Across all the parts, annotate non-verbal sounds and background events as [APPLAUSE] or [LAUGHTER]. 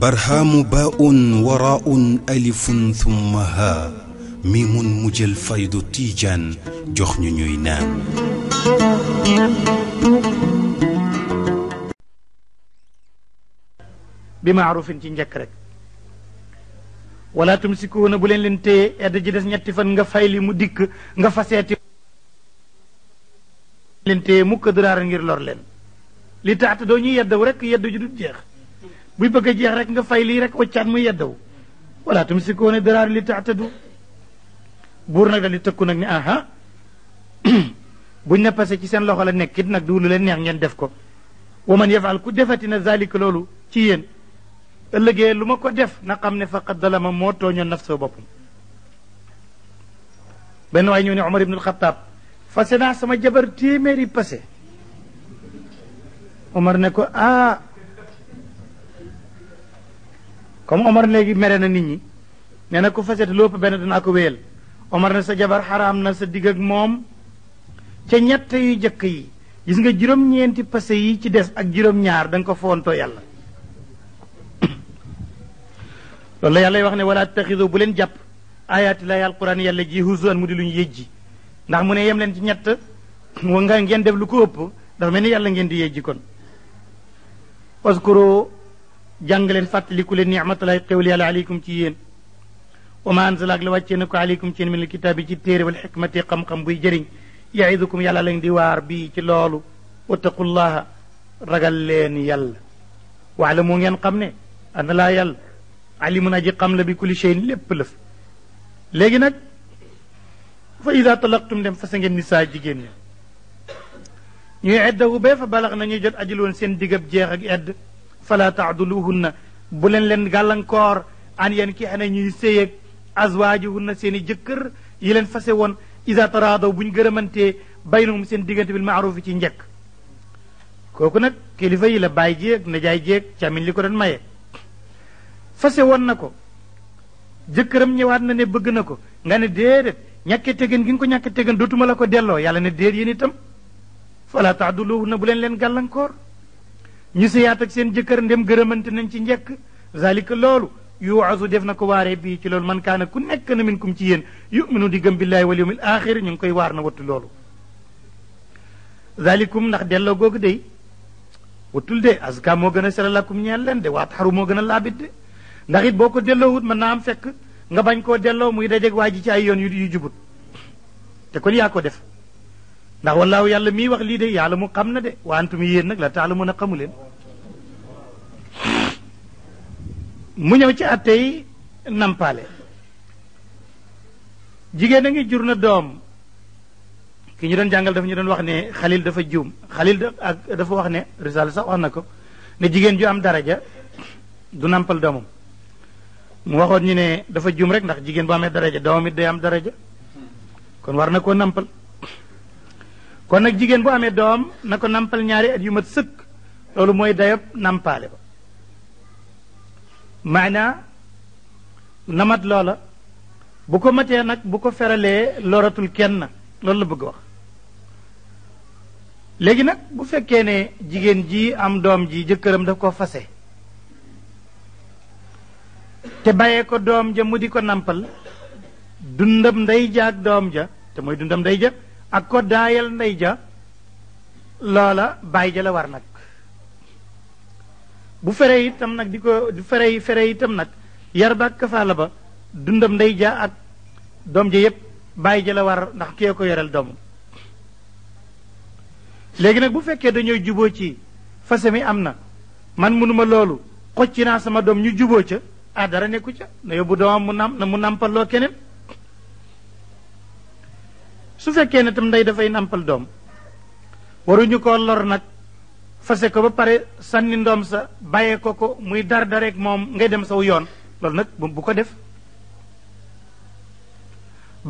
barhaamu baa un waraa un ci njëkk rek. wala tumsikuuna bu leen leen téye edd ji des ñetti fan nga fay li mu dikk nga faseeti leen téye mukk daraar ngir lor leen li tax te doo ñu yeddaw rek yeddu ji du jeex buy bëgg a jeex rek nga fay lii rek waccaat muy yeddaw wala tam si koone daraar li tax te du buur nag li tëkku nag ni aha buñ ne passé ci seen loxo la nekk it nag du lu leen neex ngeen def ko wa man yafaal ku defatina zalika loolu ci yéen ëllëgee lu ma ko def na xam ne faqad dalama moo tooñoon naf sa boppam benn waay ñëw ne Omar ibnul Xataab fase naa sama jabar téeméeri pase Omar ne ko ah comme Omar léegi mere na nit ñi nee na ko fasete lépp benn danaa ko wéyal Omar ne sa jabar xaraam na sa digg ak moom ca ñett yu jëkk yi gis nga juróom-ñeenti pase yi ci des ak juróom-ñaar da ko foontoo yàlla loolu la yàlla wax ne wala taxidu bu leen jàpp ayaati laahi alquran yàlla ji huzuan mu di lu ñu yëjji ndax mu ne yem leen ci ñett wa nga ngeen def lu ko ëpp dafa mel ni yàlla ngeen di yejji kon waskuro jàng leen fàttaliku leen ni'matalaay xewli yàlla aleykum ci yéen wa ma anzala ak la wàccee na ko ci yéen min alkitaab yi ci téere wal xikmati xam-xam buy jëriñ yaidukum yàlla lañ di waar bii ci loolu wattaqullaha ragal leen yàlla waala moo ngeen xam ne ana laa yàlla alimun aji xam la bi kulli shay'in lépp lëf léegi nag fa ida talaqtum dem fase ngeen nisaa jigéen ñi ñuy eddawu bee fa balax na jot ajal woon seen digab jeex ak edd fala taaduluhunna bu len leen gàllankoor an yeen ki xane ñuy séyeeg azwaajuhunna seen i jëkkër yi leen fase woon ida taraadaw bu ñu gërëmantee baynahum seen diggante bil maarufi ci njëkk kooku nag kilifa yi la bàyyi jéeg najaay jéeg càmmiñ li ko doon maye fase woon na ko jëkkëram ñëwaat na ne bëgg na ko nga ne déedéet ñàkkee tegan gi nga ko ñàkk tegan dootuma la ko delloo yàlla ne déet yéen itam fala taaduluhu na bu leen leen gàllankoor ñu seyaat ak seen jëkkër ndem gërëmante nañ ci njëkk zalika loolu yuwazu def na ko waaree bii ci loolu man kaana ku nekk na min kum ci yéen yuminu di gëm billaahi wal yawmil axir ñu ngi koy waar na wattu loolu zalikum ndax delloo googu day wattul de azka moo gën a sela lakum ñeel leen de waat xaru moo gën a laabit de ndax it boo ko delloowut mën naa am fekk nga bañ koo delloo muy dajeeg waa ji ci ay yoon yu jubut te kon yaa ko def ndax wallaahu yàlla mii wax lii de yàlla mu xam na de wa antum yéen nag la taal mën a xamu leen mu ñëw ci attey nampaale jigéen a ngi jur na doom ki ñu doon jàngal dafa ñu doon wax ne xalil dafa juum xalil ak dafa wax ne risaal sax wax na ko ne jigéen ju am daraja du nampal doomam mu waxoon ñu ne dafa jum rek ndax jigéen bu amee daraja doom it day am daraja kon war na koo nampal kon nag jigéen bu amee doom na ko nampal ñaari at yu mat sëkk loolu mooy dayob nampale ba maanaa namat loola bu ko matee nag bu ko feralee loratul kenn loolu la bëgg wax léegi nag bu fekkee ne jigéen ji am doom ji jëkkëram daf ko fase te bàyyee ko doom ja mu di ko nampal dundam ndey ja ak doom ja te mooy dundam ndey ja ak ko daayal ndey ja loola baay ja la war nag bu fere itam nag di ko fere fere itam nag yar ba ak kafaala ba dundam ndey ja ak doom ja yépp bàyyi ja la war ndax kee ko yoreel doomam léegi nag bu fekkee dañoo juboo ci fase mi am na man mënuma loolu xocc naa sama doom ñu juboo ca ah dara nekku ca na yóbbu doomam mu nam na mu nàmpalloo keneen su fekkee ne tam ndey dafay nàmpal doom waruñu ko lor nag fase ko ba pare sànni ndoom sa bàyyee ko ko muy dar dareek moom ngay dem saw yoon loolu nag bu ko def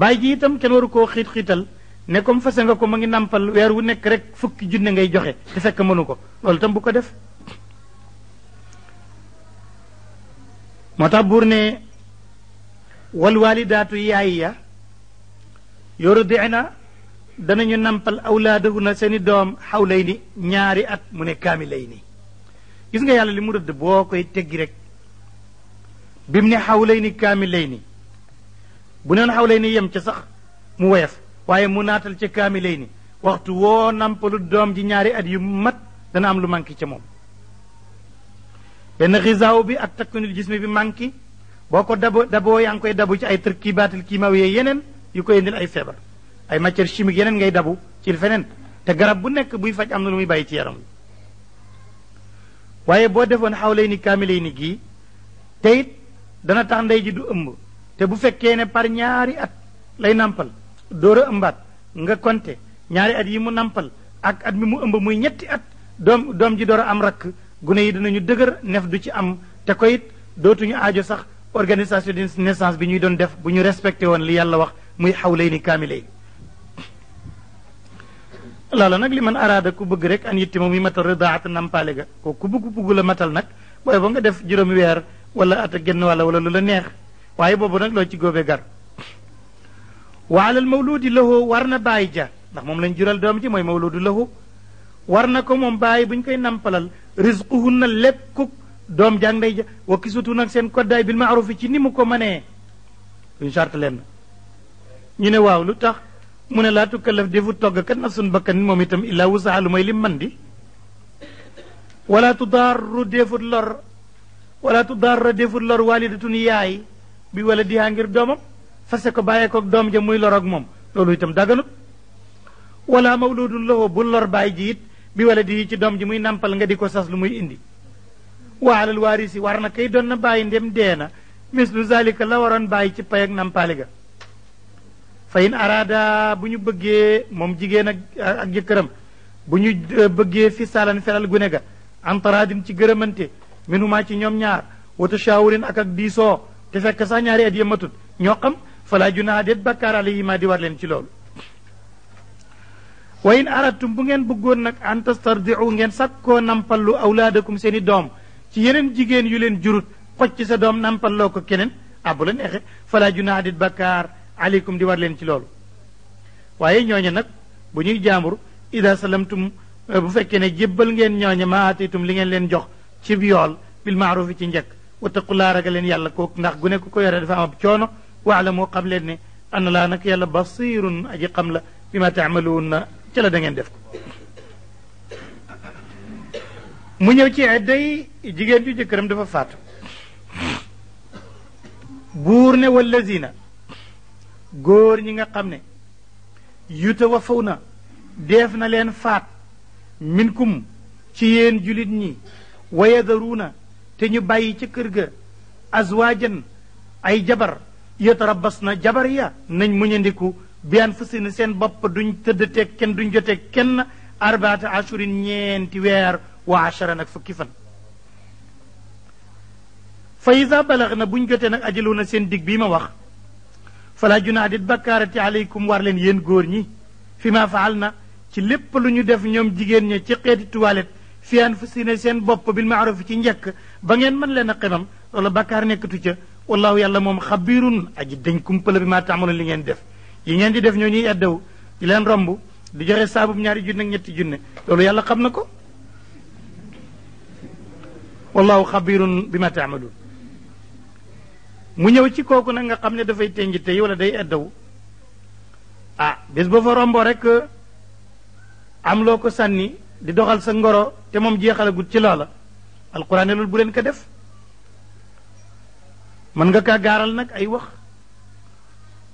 bàyyi ji tam kenn waru koo xiit xiital ne comme fase nga ko ma ngi nàmpal weer wu nekk rek fukki junne ngay joxe te fekk mënu ko loolu itam bu ko def moo tax buur ne wal waalidaatu yaay ya yurdina danañu nampal awlaadahuna seeni doom xawlayni ñaari at mu ne kaami lay kaamilayni gis nga yàlla li mu rëdd boo koy teggi rek bi mu ne xawlayni kaamilayni bu neen xawlayni yem ca sax mu woyof waaye mu naatal ca kaamilayni waxtu woo nampalu doom ji ñaari at yu mat dana am lu manqué ca moom benn xisaaw bi ak takkunil jismi bi manqué boo ko dabo daboo yaa ngi koy dabu ci ay tërkibaatil kiimawiyee yeneen yu ko indil ay feebar ay matière chimique yeneen ngay dabu ci feneen te garab bu nekk buy faj am na lu muy bàyyi ci waaye boo defoon xawlay ni kaamilay ni gii te it dana tax ndey ji du ëmb te bu fekkee ne par ñaari at lay nampal door a ëmbaat nga konte ñaari at yi mu nampal ak at mi mu ëmb muy ñetti at doom doom ji door a am rakk gune yi dinañu dëgër nef du ci am te ko dootuñu aajo sax organisation de naissance bi ñuy doon def bu ñu respecté woon li yàlla wax muy xawlay ni kaamilay loola nag li man araada ku bëgg rek an yitti ma muy matal ridaat nampaale ga ko ku bëgg bëgg la matal nag booy ba nga def juróomi weer wala at genn wàlla wala lu la neex waaye boobu nag loo ci góobee gar waalal mawluudi lahu war na bàyyi ja ndax moom lañ jural doom ci mooy mawluudu lahu war na ko moom bàyyi bu ñu koy nampalal rizquhunna lépp ku doom jàng ndey ja wa kiswatun ak seen koddaay bil maaruf ci ni mu ko mënee duñ charte leen ñu ne waaw lu tax mu ne laa tukallaf defu togg kat nafsun bakkan moom itam illaa wusaha lu may lim man di wala tudaarru defut lor wala tudaarra defut lor yaay bi wala dihaa ngir doomam fase ko bàyyee ko doom ja muy lor moom loolu itam daganut wala mawludun lahu bu lor bàyyi ji bi wala di ci doom ji muy nampal nga di ko sas lu muy indi waalal waarisi war na kay doon na bàyyi ndem dee na mislu zalika la waroon bàyyi ci pay ak nampaali ga fa araada bu ñu bëggee moom jigéen ak jëkkëram bu ñu e, bëggee fi saalan feral gune ga antaraadin ci gërëmante minuma ci ñoom ñaar wata shaawurin ak ak diisoo te fekk sa ñaari at yëmatut ñoo xam falaa junaa déet bakkaar alayhima di war leen ci loolu wa in aratum bu ngeen bëggoon nag an tastardiu ngeen sakkoo nampallu awlaadakum seen i doom ci yeneen jigéen yu leen jurut xocc sa doom loo ko keneen ah bu la neexee falaa junaadit bakkaar aleykum di war leen ci loolu waaye ñooña nag bu ñuy jaambur ida salamtum eh, bu fekkee ne jébbal ngeen ñooña ma aatitum li ngeen leen jox ci yool bil maarufi ci njëkk wattaqullaa ragal leen yàlla ko ndax gu ne ko yore dafa am ab coono waalamu xam leen ne anna laa nag yàlla basirun aji xam la bi ma taamaluun ca dangeen da ngeen def ko mu ñëw ci ay day jigéen ju jëkkëram dafa faatu buur ne wallazina góor ñi nga xam ne yuta wa na def na leen faat minkum ci yéen julit ñi wayadaruuna te ñu bàyyi ca kër ga azwaajan ay jabar yatarabbas na jabar ya nañ muñandiku bi anfusihim seen bopp duñ tëddateeg kenn duñ joteeg kenn arbaata ashurin ñeenti weer wa achara nag fukki fan fa isa balax na buñ jotee nag ajalu na seen dig bii ma wax fala junaa dit bakkaarati aleykum war leen yéen góor ñi fi ma na ci lépp lu ñu def ñoom jigéen ña ci xeeti toilette fi anfusihim seen bopp bil maaruf ci njëkk ba ngeen mën leen a xemam loola bakkaar nekkatu ca wallahu yàlla moom xabirun aji dañ kumpala bi maa taamaloon li ngeen def yi ngeen di def ñoo ñuy eddaw di leen romb di joxe saabub ñaari junne ak ñetti junne loolu yàlla xam na ko wallahu xabirun bima taamaluun mu ñëw ci kooku nag nga xam ne dafay tenji tey wala day eddaw ah bés ba fa rombo rek am loo ko sànni di doxal sa ngoro te moom jeexalagut ci loola alquran ne loolu bu leen ko def man nga kaa gaaral nag ay wax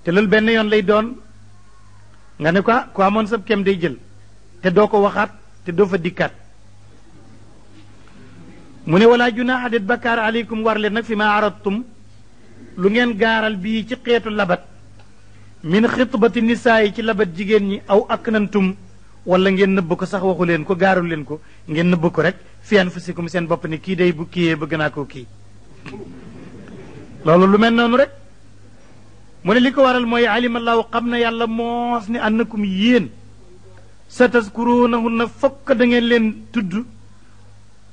te loolu benn yoon lay doon nga ne ko ku amoon sab kem day jël te doo ko waxaat te doo fa dikkaat mu ne walaa junaaha det bakkaar aleykum war leen nag fi ma arattum lu ngeen gaaral bii ci xeetu labat min xitbati nisaa yi ci labat jigéen ñi aw aknantum wala ngeen nëbb ko sax waxu leen ko gaarul leen ko ngeen nëbb ko rek fi anfusikum seen bopp ni kii day bu kiyee bëgg naa koo kii loolu lu mel noonu rek mune ne li ko waral moy alimallahu xam na yàlla mosni ni annakum yéen sa taskurunahunna da ngeen len tudd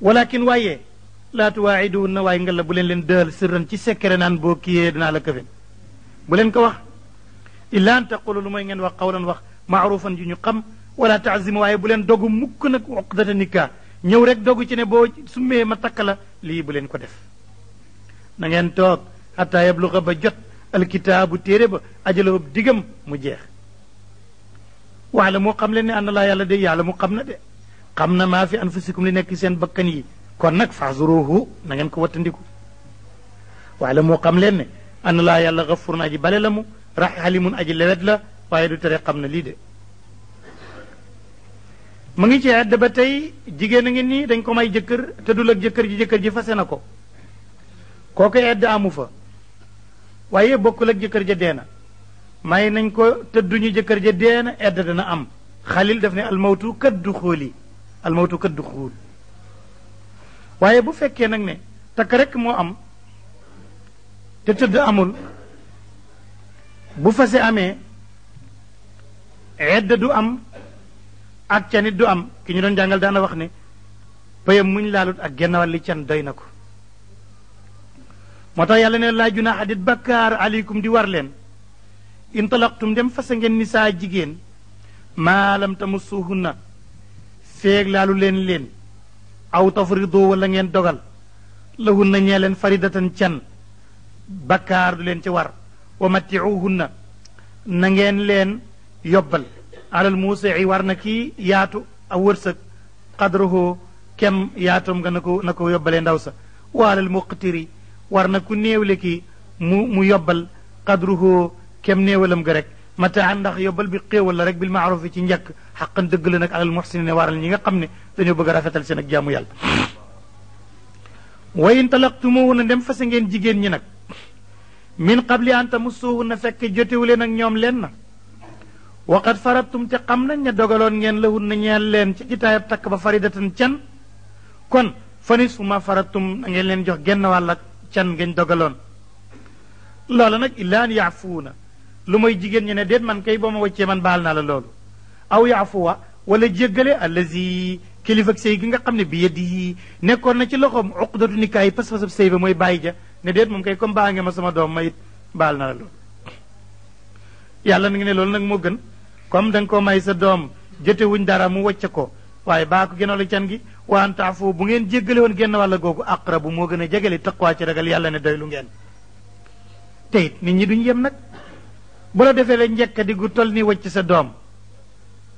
walakin waye la tuwaidun way nga la bu len len deul sirran ci sekere nan bo kiyee dina la kefe bu len ko wax illa an taqulu lumay ngeen wax qawlan wax ma'rufan ju ñu xam wala ta'zim waaye bu len dogu mukk nak uqdata nikah ñëw rek dogu ci ne bo summe ma takala li bu len ko def na ngeen tok hatta yabluga ba jot alkitaabu téere ba ajalawab digam mu jeex wax la moo xam leen ne ànd yàlla de yàlla mu xam na de xam na maa fi anfusikum li nekk seen bakkan yi kon nag fahzuruhu na ngeen ko wattandiku wax la moo xam leen ne ànd laa yàlla xafur na aji bale la mu rax halimun aji lewet la waaye du tere xam na lii de mu ngi ci àdd ba tey jigéen a ngi nii dañ ko may jëkkër te dul ak jëkkër ji jëkkër ji fase na ko kooku amu fa waaye bokkul ak jëkkër ja dee na may nañ ko tëdduñu jëkkër ja dee na edd dana am xalil daf ne almawtu kaddu xóoli almawtu kaddu xóol waaye bu fekkee nag ne takk rek moo am te tëdd amul bu fase amee edd du am ak canit du am ki ñu doon jàngal daana wax ne mu muñ laalut ak genn wàlli can doy na ko moo tax yàlla ne laa junaax adit bakkaar aleykum di war leen intalaqtum dem fase ngeen ni nisaa jigéen maalam tamussuhunna feeg laalu leen leen aw tafrido wala ngeen dogal lahunna ñee leen faridatan can bakkaar du leen ci war wa mattiuhunna na ngeen leen yobbal alal muusi war na kii yaatu a wërsëg qadrahu kem yaatum nga na ko na ko yobbalee ndaw sa wa alal muqtiri war na ku néewle ki mu mu yobbal qadruhu kem néewalam ga rek mataa ndax yobbal bi xéewal la rek bil maaruf ci njëkk xaqan dëgg la nag alal muxsinin ne waral ñi nga xam ne dañoo bëgg a rafetal seen ak jaamu yàlla wa in talaqtumuhunna dem fase ngeen jigéen ñi nag min qabli an tamussuhunna fekk jotewu leen ak ñoom leen na waqad faradtum te xam nañ ne dogaloon ngeen lahunna ñeel leen ci jitaayab takk ba faridatan can kon fa nisfu ma faradtum ngeen leen jox genn wàll can ngañ dogaloon loola nag illaan na lu may jigéen ñi ne déet man kay boo ma wàccee man baal naa la loolu aw yaafuwa wala jéggale allazi kilifa sëy gi nga xam ne bi yeddi yii nekkoon na ci loxoom uqdatu nikaay pas-pasab sëy ba mooy bàyyi ja ne déet moom kay comme baa nge ma sama doom ma it baal naa la loolu yàlla ngi ne loolu nag moo gën comme danga nga ko may sa doom jotewuñ dara mu wacce ko waaye baa ko gënal la can gi wa an bu ngeen jéggale woon genn wàll googu aqrabu moo gën a jegeli taqwaa ci ragal yàlla ne doylu ngeen te nit ñi duñ yem nag bu la defee la njekk di gu toll ni wacc sa doom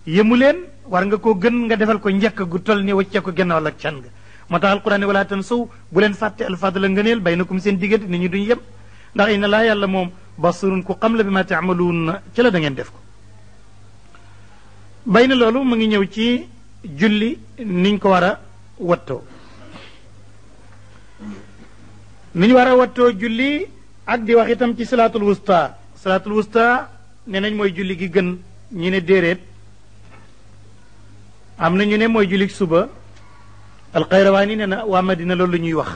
yëmu leen war nga koo gën nga defal ko njekk gu toll ni wacce ko genn wàll can nga moo tax alquran wala tan sow bu leen fàtte alfadla ngëneel baynakum seen diggante nit ñi duñ yem ndax inna laa yàlla moom basirun ku xam la bi ma taamaluun ci la da ngeen na loolu mu ngi ñëw julli niñ ko wara watto niñ wara watto julli ak di wax itam ci salatul wusta salatul wusta ne nañ mooy julli gi gën ñi ne déeréet am ñu ne moy julli suba qayrawani ne wa madina loolu ñuy wax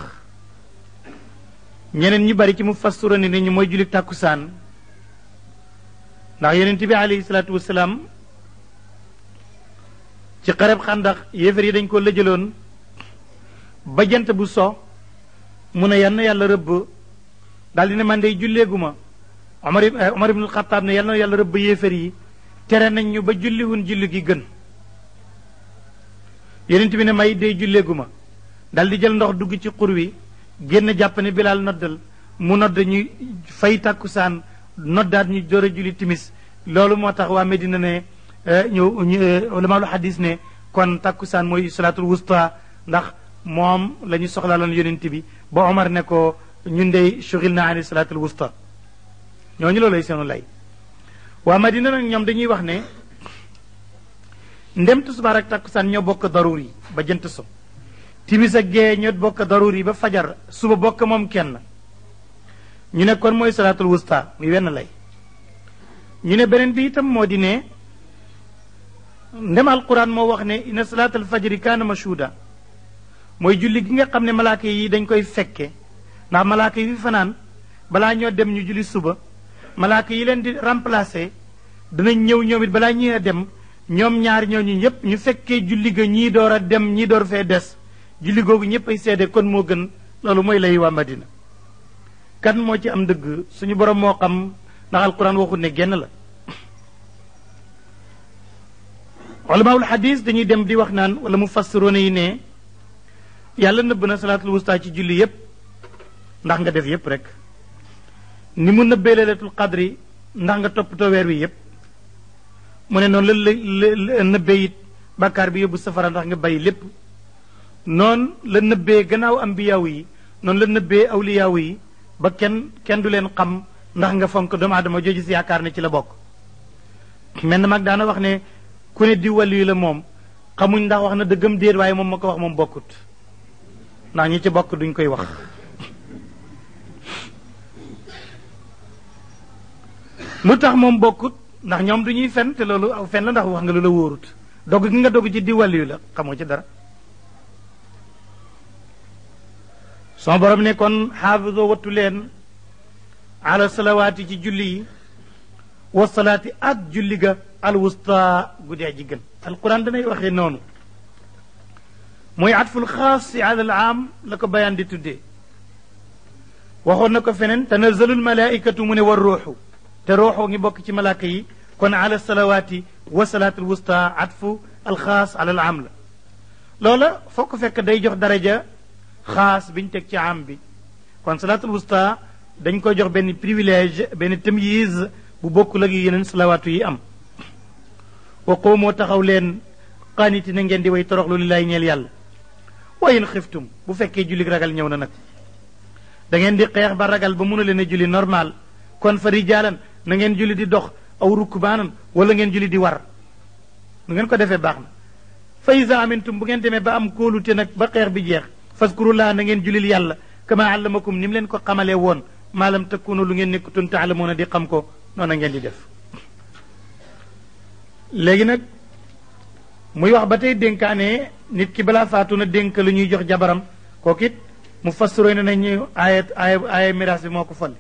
ñeneen ñu bari ci mu fastura ne ñu moy julli takusan ndax yenen tibbi alayhi salatu wassalam ci xareb xàndax yéefar yi dañ ko lëjaloon ba jant bu so mu ne yann yàlla rëbb daal di ne man dey julleeguma Omar eh, Omar ibnul Xataab ne yal na yàlla rëbb yéefar yi tere nañ ñu ba julliwun julli gi gën yonent bi ne may dey julleeguma dal di jël ndox dugg ci xur wi génn jàpp ne bilaal noddal mu nodd ñu fay tàkkusaan noddaat ñu door a julli timis loolu moo tax waa Medina ne Eh, ñëw eh, ulama lu xadis ne kon takkusaan mooy salaatul wusta ndax moom la ñu soxlaa loon yonent bi ba Omar ne ko ñun dey shughil na ani salaatul wusta ñooñu loolay seenu lay waa Madina nag ñoom dañuy wax ne ndem tisbaar ak takkusaan ñoo bokk daruur yi ba jënt so timis ak gee ñoo bokk daruur yi ba fajar suba bokk moom kenn ñu ne kon mooy salaatul wusta muy wenn lay ñu ne beneen bi itam moo di ne ndem alquran mo wax ne inna salaatal fajr kaana mashuda moy julli gi nga xamne ne yi dañ koy fekke na malaaka yi fanan bala ñoo dem ñu julli suba malaaka yi len di remplacer danañ ñew ñoom bala ñi dem ñom ñaar ñu ñep ñu fekke julli ga ñi doora dem ñi door fe dess julli gogu ñep ay sédé kon mo gën lolu moy lay wa madina kan mo ci am deug suñu borom mo xam ndax alquran waxu ne genn la ulamaawul xadis dañuy dem di wax naan wala mu fassiroona yi ne yàlla nëbb na salaatul wusta ci julli yépp ndax nga def yépp rek ni mu nëbbee leelatul qadri ndax nga toppatoo weer wi yépp mu ne noon la la nëbbee it bàkkaar bi yóbbu safara ndax nga bàyyi lépp noonu la nëbbee gannaaw ambiyaaw yi noonu la nëbbee awliyaaw yi ba kenn kenn du leen xam ndax nga fonk doomu aadama jooju si yaakaar na ci la bokk mel na mag daana wax ne ku ne di wàllu yi la moom xamuñ ndax wax na dëggam déet waaye moom ma ko wax moom bokkut ndax ñi ci bokk duñ koy wax lu tax moom bokkut ndax ñoom du ñuy fen te loolu aw fen la ndax wax nga lu la wóorut dogg gi nga dogg ci di wàllu yi la xamoo ci dara son borom ne kon xaafiso wattu leen ala salawaati ci julli yi wasalaati ak julli ga alwusta guddi aji gën alquran danay waxee noonu mooy atful xaas si ala al aam la ko bayaan di tuddee waxoon na ko feneen tanazalul malaikatu mu ne war ruuxu te ruuxu ngi bokk ci malaaka yi kon ala salawaati wa salaat al wusta atfu al xaas ala al aam la loola foo ko fekk day jox daraja xaas biñ teg ci aam bi kon salaatul wusta dañ ko jox benn privilège benn tamyiz bu bokkul ak yeneen salawaatu yi am wa qoomoo taxaw leen xaaniti na ngeen di way toroxlu lillaay ñeel yàlla wayin xiftum bu fekkee julli ragal ñëw na nag da ngeen di xeex ba ragal ba mun a leen a julli normal kon fa rijaalan na ngeen julli di dox aw rukbaanan wala ngeen julli di war nu ngeen ko defee baax na fa iza amintum bu ngeen demee ba am kóolute nag ba xeex bi jeex faskurullaa na ngeen julil yàlla kama allamakum ni mu leen ko xamalee woon maalam takkunu lu ngeen nekkutoon taalamuuna di xam ko noonu ngeen di def léegi nag muy wax ba tey dénkaane nit ki balaa faatu na dénk lu ñuy jox jabaram kooku it mu fassiroo ne nañu aaya aaya aaya miraas bi moo ko folli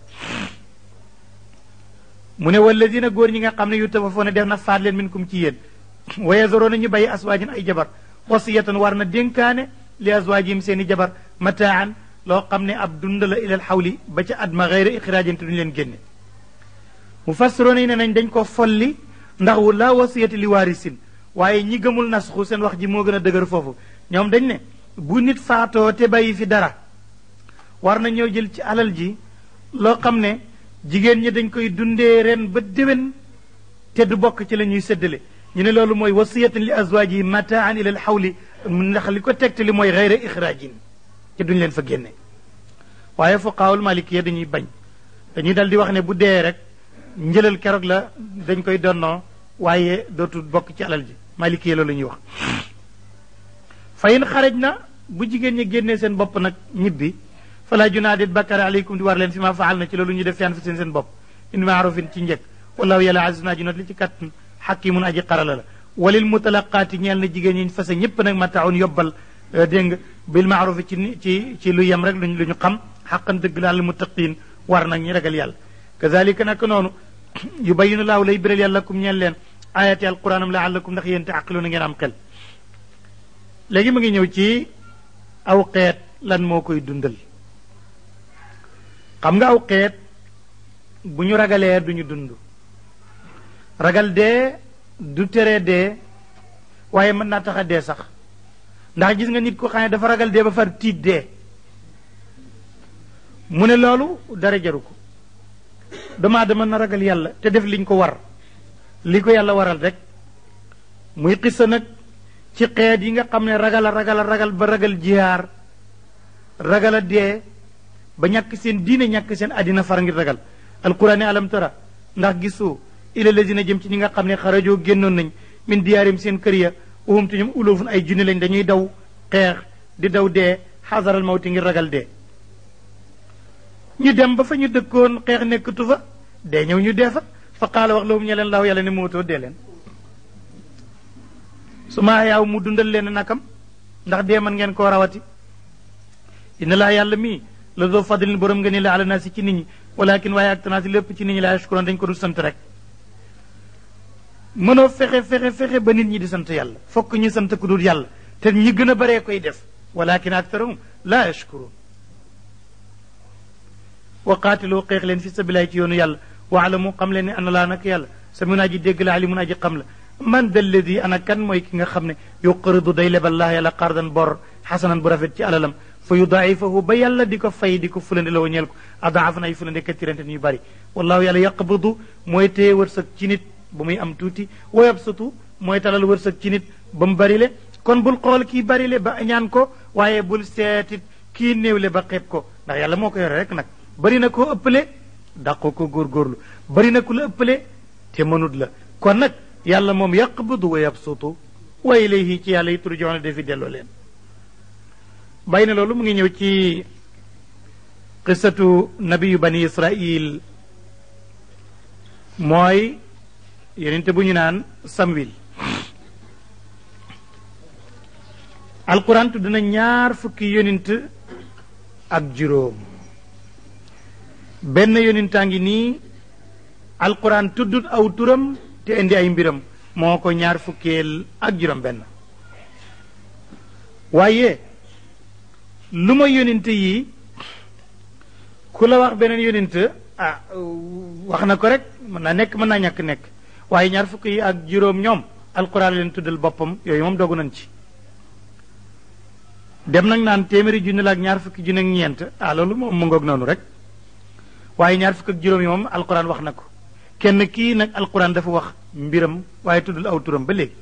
mu ne walladina góor ñi nga xam ne yu tawafoona def na faat leen minkum ci yéen soo na ñu bàyyi aswaajin ay jabar wasiyatan war na dénkaane li aswaajim seen i jabar mataan loo xam ne ab dund la ilal xawli ba ca at ma xëyra ixraajin leen génne mufassirone yi ne nañ dañ ko folli ndax wu laa wasiyati li waarisin waaye ñi gëmul nasxu seen wax ji moo gën a dëgër foofu ñoom dañ ne bu nit faatoo te bàyyi fi dara war na ñoo jël ci alal ji loo xam ne jigéen ñi dañ koy dundee ren ba déwén te du bokk ci la ñuy séddale ñu ne loolu mooy wasiyatan li azwaaji mataan ila al xawli ndax li ko tegte li mooy xeyra ixraajin te duñ leen fa génne waaye fuqaawul malikiya dañuy bañ dañuy dal di wax ne bu dee rek njëlal kérok la dañ koy donno waaye dootul bokk ci alal ji maliki loolu la ñuy wax fa xaraj kharajna bu jigéen ñi génné seen bopp nag ñibbi fala junaadit bakara alaykum di war leen fi ma faal ci lolu ñu def fiyaan fi seen bopp in ma'rufin ci njëkk wallahu yàlla aziz naa junaat li ci kat hakimun aji qarala la walil mutalaqaati ñel na jigéen ñi fase ñëpp nak mataun yobbal dégg bil ma'ruf ci ci ci lu yam rek luñu xam xaqan deug la al muttaqin war nak ñi ragal yàlla kazalika nak nonu yu bay bayyinu laaw lay biral yàlla kum ñeen leen ayati alquranam la àllakum ndax yéen taaqiluuna ngeen am xel léegi ma ngi ñëw ci aw xeet lan moo koy dundal xam nga aw xeet bu ñu ragalee duñu dund ragal dee du tere dee waaye mën naa tax a dee sax ndax gis nga nit ko xam dafa ragal dee ba far tiit dee mu ne loolu dara jaru ko doomu aadama na ragal yàlla te def liñ ko war li ko yàlla waral rek muy xissa nag ci xeet yi nga xam ne ragal a ragal a ragal ba ragal jiyaar ragal a dee ba ñàkk seen diine ñàkk seen àddina far ngir ragal alquran alam tara ndax gisoo ila lazina jëm ci ñi nga xam ne xarajoo génnoon nañ min diyaarim seen kër ya uhum te ñoom ulufun ay junni lañ dañuy daw xeex di daw dee xasaral mawti ngir ragal dee ñu dem ba fa ñu dëkkoon xeex nekkatu fa dee ñëw ñu defa fa fa qaala wax lahum ñe leen laahu yàlla ne mootoo dee leen su ma yaaw mu dundal leen nakam ndax dee man ngeen koo rawati inna laa yàlla mii la doo fadlin borom nga ni la ala si ci nit ñi walakin waaye ak tanaasi lépp ci nit ñi laa yashkuroon dañ ko dul sant rek mënoo fexe fexe fexe ba nit ñi di sant yàlla fokk ñu sant ku dul yàlla te ñi gën a baree koy def walakin aktarahum laa yashkuroon وقاتلوا قيق لين في سبيل الله يونو يال واعلموا قم لين ان لا نك يال سمونا جي دغ لا علمنا جي قم من ذا الذي انا كان موي كيغا خامني يقرض ديل بالله يلا قرضا بر حسنا برفت تي علالم فيضعفه بي يلا ديكو فاي ديكو فلان لو نيل اضعفنا فلان كثيرن ني بري والله يلا يقبض موي تي ورسك تي نيت بومي ام توتي ويبسطو موي تالال ورسك تي نيت بام بري لي كون بول قول كي بري لي با نيان كو وايي بول سيتيت كي نيول با خيب كو دا يلا موكو يور رك نك bari na koo ëppale dàqoo ko góorgóorlu bari na ku la ëppale te mënut la kon nag yàlla moom yàq yaqbidu wa yabsutu wa ilayhi ci yàlla yi turjauna defi delloo leen bàyyi na loolu mu ngi ñëw ci qissatu nabiyu bani israil mooy yenente bu ñu naan samwil alquran tudd na ñaar fukki yonent ak juróom benn yonentaa ngi nii alquran tuddut aw turam te indi ay mbiram moo ko ñaar fukkeel ak juróom benn waaye lu ma yonent yi ku la wax beneen yonent ah wax na ko rek mën naa nekk mën naa ñàkk nekk waaye ñaar fukk yi ak juróom ñoom alquran leen tuddal boppam yooyu moom dogu nañ ci dem nag naan téeméeri junni ak ñaar fukki junni ak ah loolu moom mu ngoog noonu rek waaye ñaar fukk ak juróom moom alquran wax na ko kenn kii nag alquran dafa wax mbiram waaye tuddul aw turam ba léegi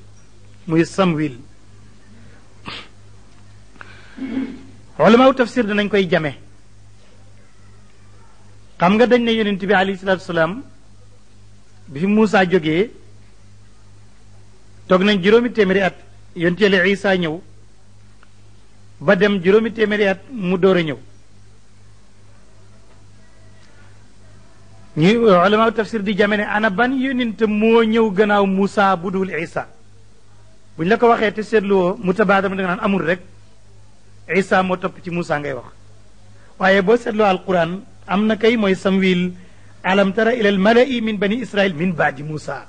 muy samwil ulamaaw tafsir dinañ koy jame xam nga dañ ne yonent bi alayhi salaatu salaam bi fi Muusa jógee toog nañ juróomi téeméeri at yonent yàlla Isa ñëw ba dem juróomi téeméeri at mu door a ñëw ñuy ulama tafsir di jame ne ana ban yonent moo ñëw gannaaw Moussa bu dul sa bu ñu ko waxee te seetluwoo mutabaadam da nga naan amul rek Isa moo topp ci Moussa ngay wax waaye boo seetloo alquran am na kay mooy samwil alam tara ila al malai min bani israil min baadi Moussa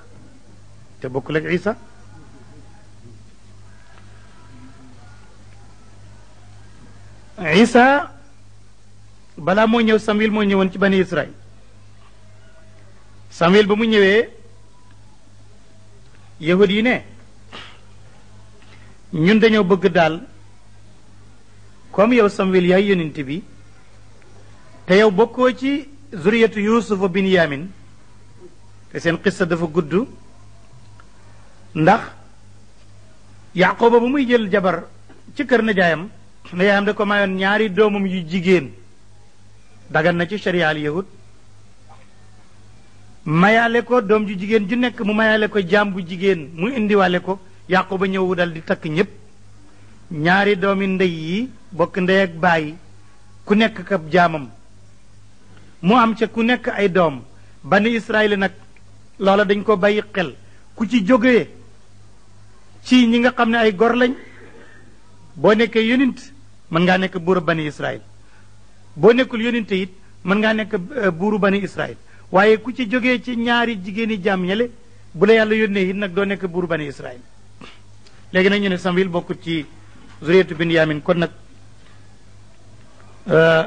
te bokkul ak Isa Isa balaa moo ñëw samwil moo ñëwoon ci bani israil Samuel ba mu ñëwee yahud yi ne ñun dañoo bëgg daal comme yow Samuel yaay yonent bi te yow bokkoo ci zuriyatu yuusufa binyamin te seen xissa dafa gudd ndax yaqooba ba muy jël jabar ci kër najaayam nijaayam da ko mayoon ñaari doomam yu jigéen dagan na ci sharial yahud mayaale ko doom ju jigéen ju nekk mu mayaale ko jaam bu jigéen mu indiwaale ko yàquba ñëwu dal di takk ñépp ñaari doomi ndey yi bokk ndey ak baay ku nekk kab jaamam mu am ca ku nekk ay doom bani israel nag loola dañ ko bàyyi xel ku ci jóge ci ñi nga xam ne ay gor lañ boo nekkee yonint mën ngaa nekk buuru bani israel boo nekkul yoninte it mën ngaa nekk euh, buuru bani israel waaye ku ci jógee ci ñaari jigéeni jaam ñale bu la yàlla yónnee it nag doo nekk buur bani israil léegi nag ñu ne samwil bokkut ci zuriyatu binyamin kon nag euh,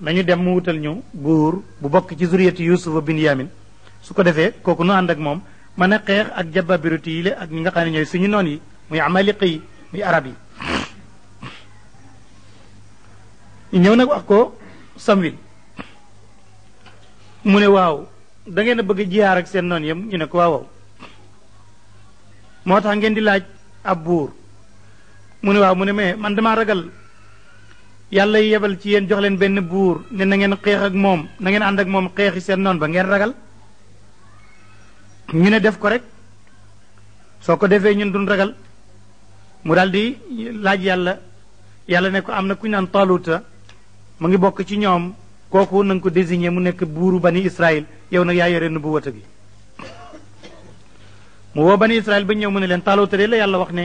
nañu dem mu wutal ñu buur bu bokk ci zuriyatu yusufa binyamin su ko defee kooku nu ànd ak moom mën a xeex ak jababiruti yi ak nga xam ne ñooy suñu noon yi muy amaliq yi muy arab yi ñëw nag wax ko samwil mu ne waaw da ngeen a bëgg jiyaar ak seen noon yam ñu ne ko waaw moo tax ngeen di laaj ab buur mu ne waaw mu ne mais man dama ragal yàlla yebal ci yéen jox leen benn buur ne na ngeen xeex ak moom na ngeen ànd ak moom xeexi seen noon ba ngeen ragal ñu ne def ko rek soo ko ñun duñ ragal mu daal di laaj yàlla yàlla ne ko am na ku naan taaluta ngi bokk ci ñoom kooku na nga ko désigné mu nekk buuru bani Israël yow nag yaa yore nubuwata gi mu woo bani Israël ba ñëw mu ne leen taalota de la yàlla wax ne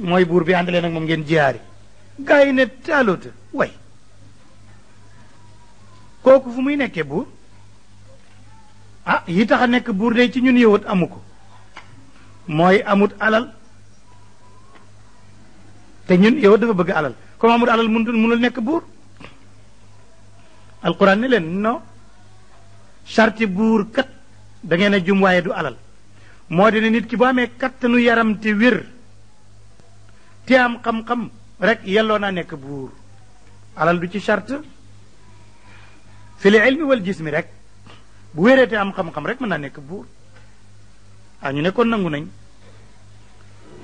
mooy buur bi ànd leen ak moom ngeen jiyaari gaa yi ne taalota way kooku fu muy nekkee buur ah yi tax a nekk buur de ci ñun yëwat amu ko mooy amut alal te ñun yëwat dafa bëgg alal comme amut alal mënul nekk buur alquran ni leen non sarti buur kat da ngeen a jum waaye du alal moo de ne nit ki bu amee kattanu yaram te wér te am xam-xam rek yelloo naa nekk buur alal du ci sart fi li ilmi wal jismi rek bu wéreete am xam-xam rek mën naa nekk buur a ah, ñu nekkoon nangu nañ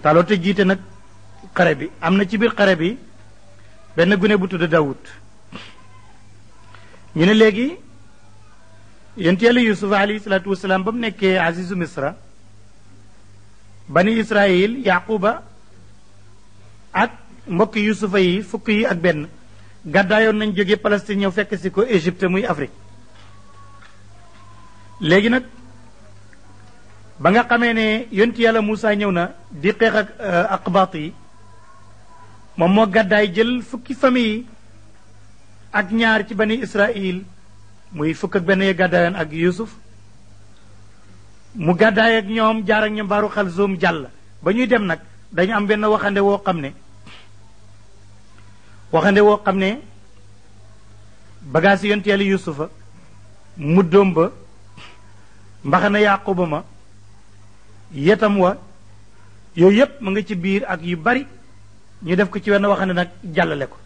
taloo te jiite nag xare bi am na ci biir xare bi benn gune bu tudd Dawud ñu ne léegi yonent yàlla yusuf alayhi salaatu wasalaam ba mu nekkee azizu misra bani israil yaquba ak mbokki yusufa yi fukk yi ak benn gàddaayoon nañ jóge palestine ñëw fekk si ko égypte muy afrique léegi nag ba nga xamee ne yonti yàlla Moussa ñëw na di xeex ak euh, aqbaat yi moom moo gàddaay jël fukki famille yi ak ñaar ci bani israil muy fukk ak benn gàddaayoon ak yusuf mu gàddaay ak ñoom jaar ak ñoom baaru xalzoom jàll ba ñuy dem nag dañu am benn waxande woo xam ne waxande woo xam ne bagaas yonti yàlla yusufa muddoom ba mbaxana yaquba ma yetam wa yooyu yépp mu nga ci biir ak yu bari ñu def ko ci wenn waxande nag jàllale ko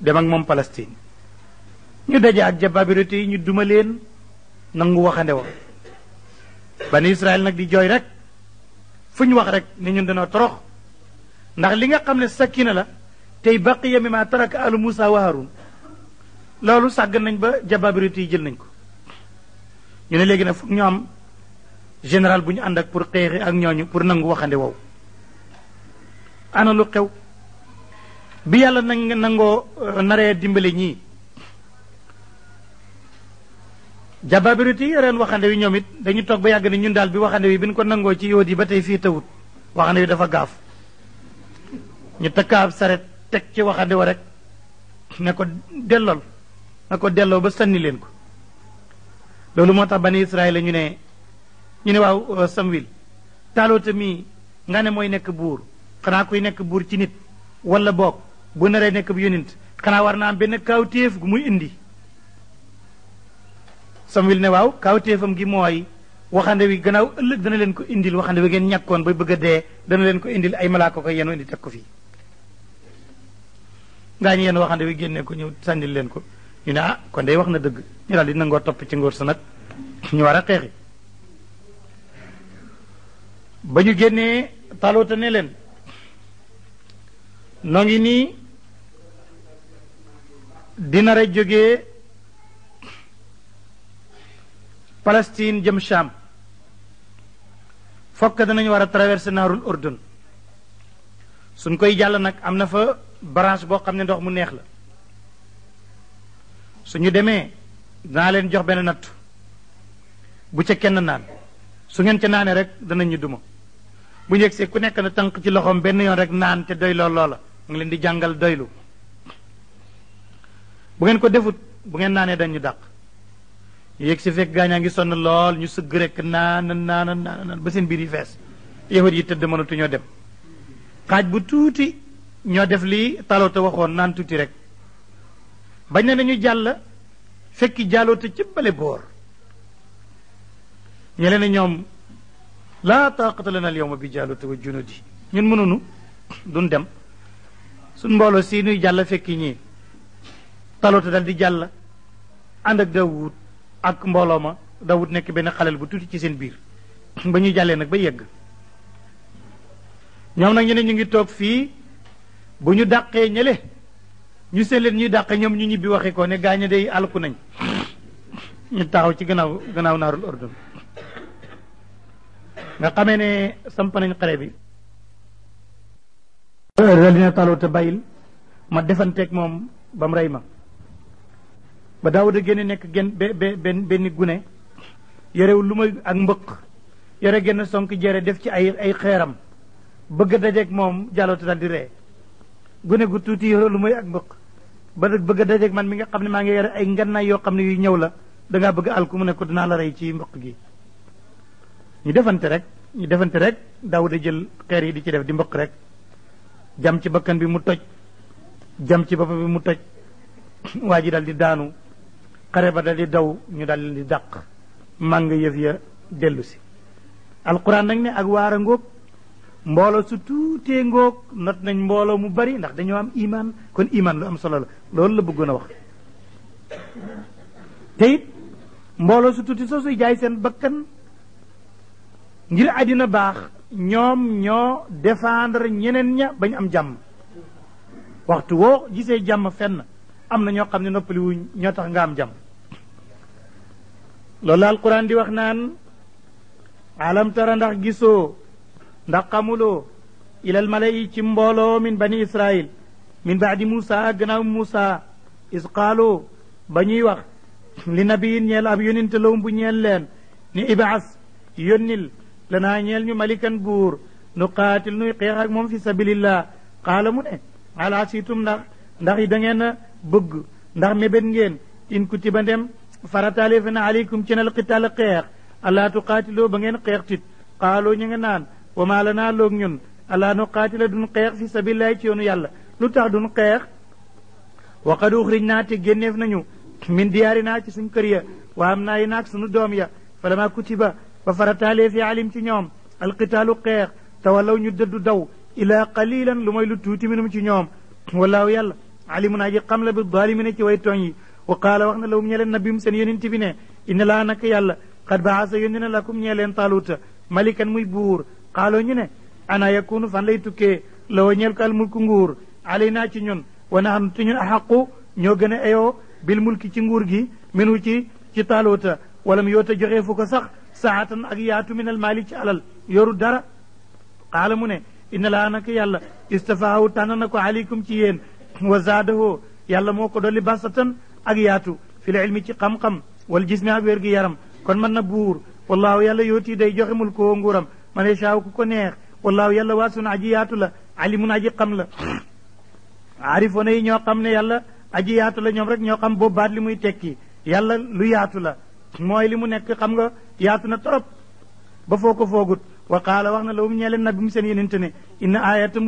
dem ak mom palestine ñu daje ak jababirut ñu duma leen nangu waxande wa ban israel nak di joy rek fuñ wax rek ni ñun dana torox ndax li nga xam sakina la tay baqiya mimma taraka al musa wa harun lolu sag nañ ba jababiruti jël nañ ko ñu ne léegi na fu ñu am général buñu and ak pour xeexi ak ñoñu pour nangu waxande wow ana lu xew bi yàlla nang nangoo euh, naree dimbali ñii jababiriti yoreen waxande wi ñoom it dañu toog ba yàgg ne ñun daal bi waxande wi bi ñu ko nangoo ci yóot yi ba tey fii tawut waxande wi dafa gaaf ñu takkaab saret teg ci waxande wa rek ne ko dellool ne ko delloo ba sànni leen ko loolu moo tax bani Israël la ñu ne ñu ne waaw euh, Samwil taaloota mii nga ne mooy nekk buur xanaa kuy nekk buur ci nit walla boog bu naree nekk bu yonent xanaa war naa am benn kawtéef gu muy indi Samuel ne waaw kawtéefam gi mooy waxande wi gannaaw ëllëg dana leen ko indil waxande wi ngeen ñàkkoon ba bëgg a dee dana leen ko indil ay malaaka ko yenu indi teg ko fii ngaa ñu yeen waxande wi génne ko ñëw sànnil leen ko ñu ne ah kon day wax na dëgg ñu daal di nangoo topp ci ngóor sa ñu war a xeexi ba ñu génnee taluuta ne leen noo ngi nii dina ra jógee Palestine jëm Cham fokk danañu war a traversé naarul Urdun suñ koy jàll nag am na fa branche boo xam ne ndox mu neex la suñu demee dinaa leen jox benn nattu bu ca kenn naan su ngeen ca naanee rek danañ ñu duma bu ñu see ku nekk na tànk ci loxoom benn yoon rek naan te doyloo loola mu ngi leen di jàngal doylu bu ngeen ko defut bu ngeen naanee dañ ñu dàq ñu yegg si fekk ñaa ngi sonn lool ñu sëgg rek naana naan naana ba seen biir yi fees yahut yi tëdd mënatu ñoo dem xaaj bu tuuti ñoo def lii taloote waxoon naan tuuti rek bañ ne nañu jàll fekki jàlloote ci bale boor ñe ñoom laa taaqata lana al yawma bi jàlloote wa junudi ñun mënunu duñ dem sun mbooloo si nuy jàll fekki ñii talootu dal di jàll ànd ak dawut ak mbooloo ma dawud nekk benn xalel bu tuuti ci seen biir ba ñuy jàllee nag ba yegg ñoom nag ñu ne ñu ngi toog fii bu ñu dàqee ñële ñu seen leen ñuy dàqee ñoom ñu ñibbi waxe ko ne gaañe day alku nañ ñu taxaw ci gannaaw gannaaw naarul ordon nga xamee ne samp nañ xare bi dal dina te bàyyil ma defanteeg moom ba mu rey ma ba daawuda génn nekk genn be be benn benn gune yorew lu may ak mbëq yore genn sonk jere def ci ay ay xeeram bëgg a dajeeg moom jàllootu daal di ree gune gu tuuti yore lu may ak mbëq ba bëgg a man mi nga xam ne maa ngi yore ay ngannaay yoo xam ne yuy ñëw la dangaa bëgg alku mu ne ko dinaa la rey ci mbëq gi ñu defante rek ñu defante rek daawuda jël xeer yi di ci def di mbëq rek jam ci bakkan bi mu toj jam ci bopp bi mu toj [COUGHS] waa ji dal di daanu xare ba dali daw ñu dal di dàq ya dellu si alquran nag ne ak waara ngóob mbooloo su tuutee ngóog not nañ mbooloo mu bari ndax dañoo am iman kon iman lu am solo la loolu la bëggoon a wax te it mbooloo su tuuti soosuy jaay seen bakkan ngir adina baax ñoom ñoo défendre ñeneen ña bañ am jàmm waxtu woo gisee jàmm fenn am na ñoo xam ne noppaliwuñ ñoo tax nga am jam loolu quran di wax naan alam tara ndax gisoo ndax xamuloo ilal malayi ci mbooloo min bani israil min baadi Musa gannaaw Musa is qaalu ba ñuy wax li nabiyin ñeel ab yoninte lawum bu ñeel leen ni ibaas yónnil lanaa ñeel ñu malikan buur nu qaatil nuy xeex ak moom fi sabilillah qaala mu ne ala asitum ndax ndax yi da ngeen bëgg ndax mébét ngeen in kutiba ndem farataale fe na aleykum ci nal qitaal xeex alaa tuqaatiloo ba ngeen xeex tit xaaloo ñu nga naan wa maa la naa loog ñun alaa nu qaatila dun xeex fi sabilillahi ci yoonu yàlla lu tax dun xeex wa qad uxrij naa te génneef nañu min diyaari naa ci suñ kër ya wa am naa yi naak suñu doom ya falama kutiba ba farataalee fi alim ci ñoom alqitaalu xeex tawallaw ñu dëddu daw ilaa qalilan lu mooy lu tuuti ci ñoom yàlla alimun aji xam la bi daalimina ci way tooñ yi wa qaala wax na law ñe leen nabim seen yonent bi ne inna laa nak yàlla xad baasa yónni na lakum ñee leen taaluta malikan muy buur xaaloo ñu ne ana yakunu fan lay tukkee lawa ñeel ko al mulku nguur alay naa ci ñun wana xam te ñun axaqu ñoo gën a ayoo bil mulki ci nguur gi minu ci ci taaluta walam yoota joxee fu ko sax saatan ak yaatu min al maali ci alal yoru dara qaala mu ne inna laa nak yàlla istafaahu tànn na ko aleykum ci yéen wa zaadahu yàlla moo ko dolli basatan ak yaatu fi la ilmi ci xam-xam wal jismi ak wér yaram kon mën na buur wallaahu yàlla yootii day joxe mul koo nguuram man yashaaw ku ko neex wallaahu yàlla waasun aji yaatu la alimun aji xam la aarifoona yi ñoo xam ne yàlla aji yaatu la ñoom rek ñoo xam boo baat li muy tekki yàlla lu yaatu la mooy li mu nekk xam nga yaatu na trop ba fooko ko foogut wa qaala wax na la um ñee mu seen yenente ne inna ayata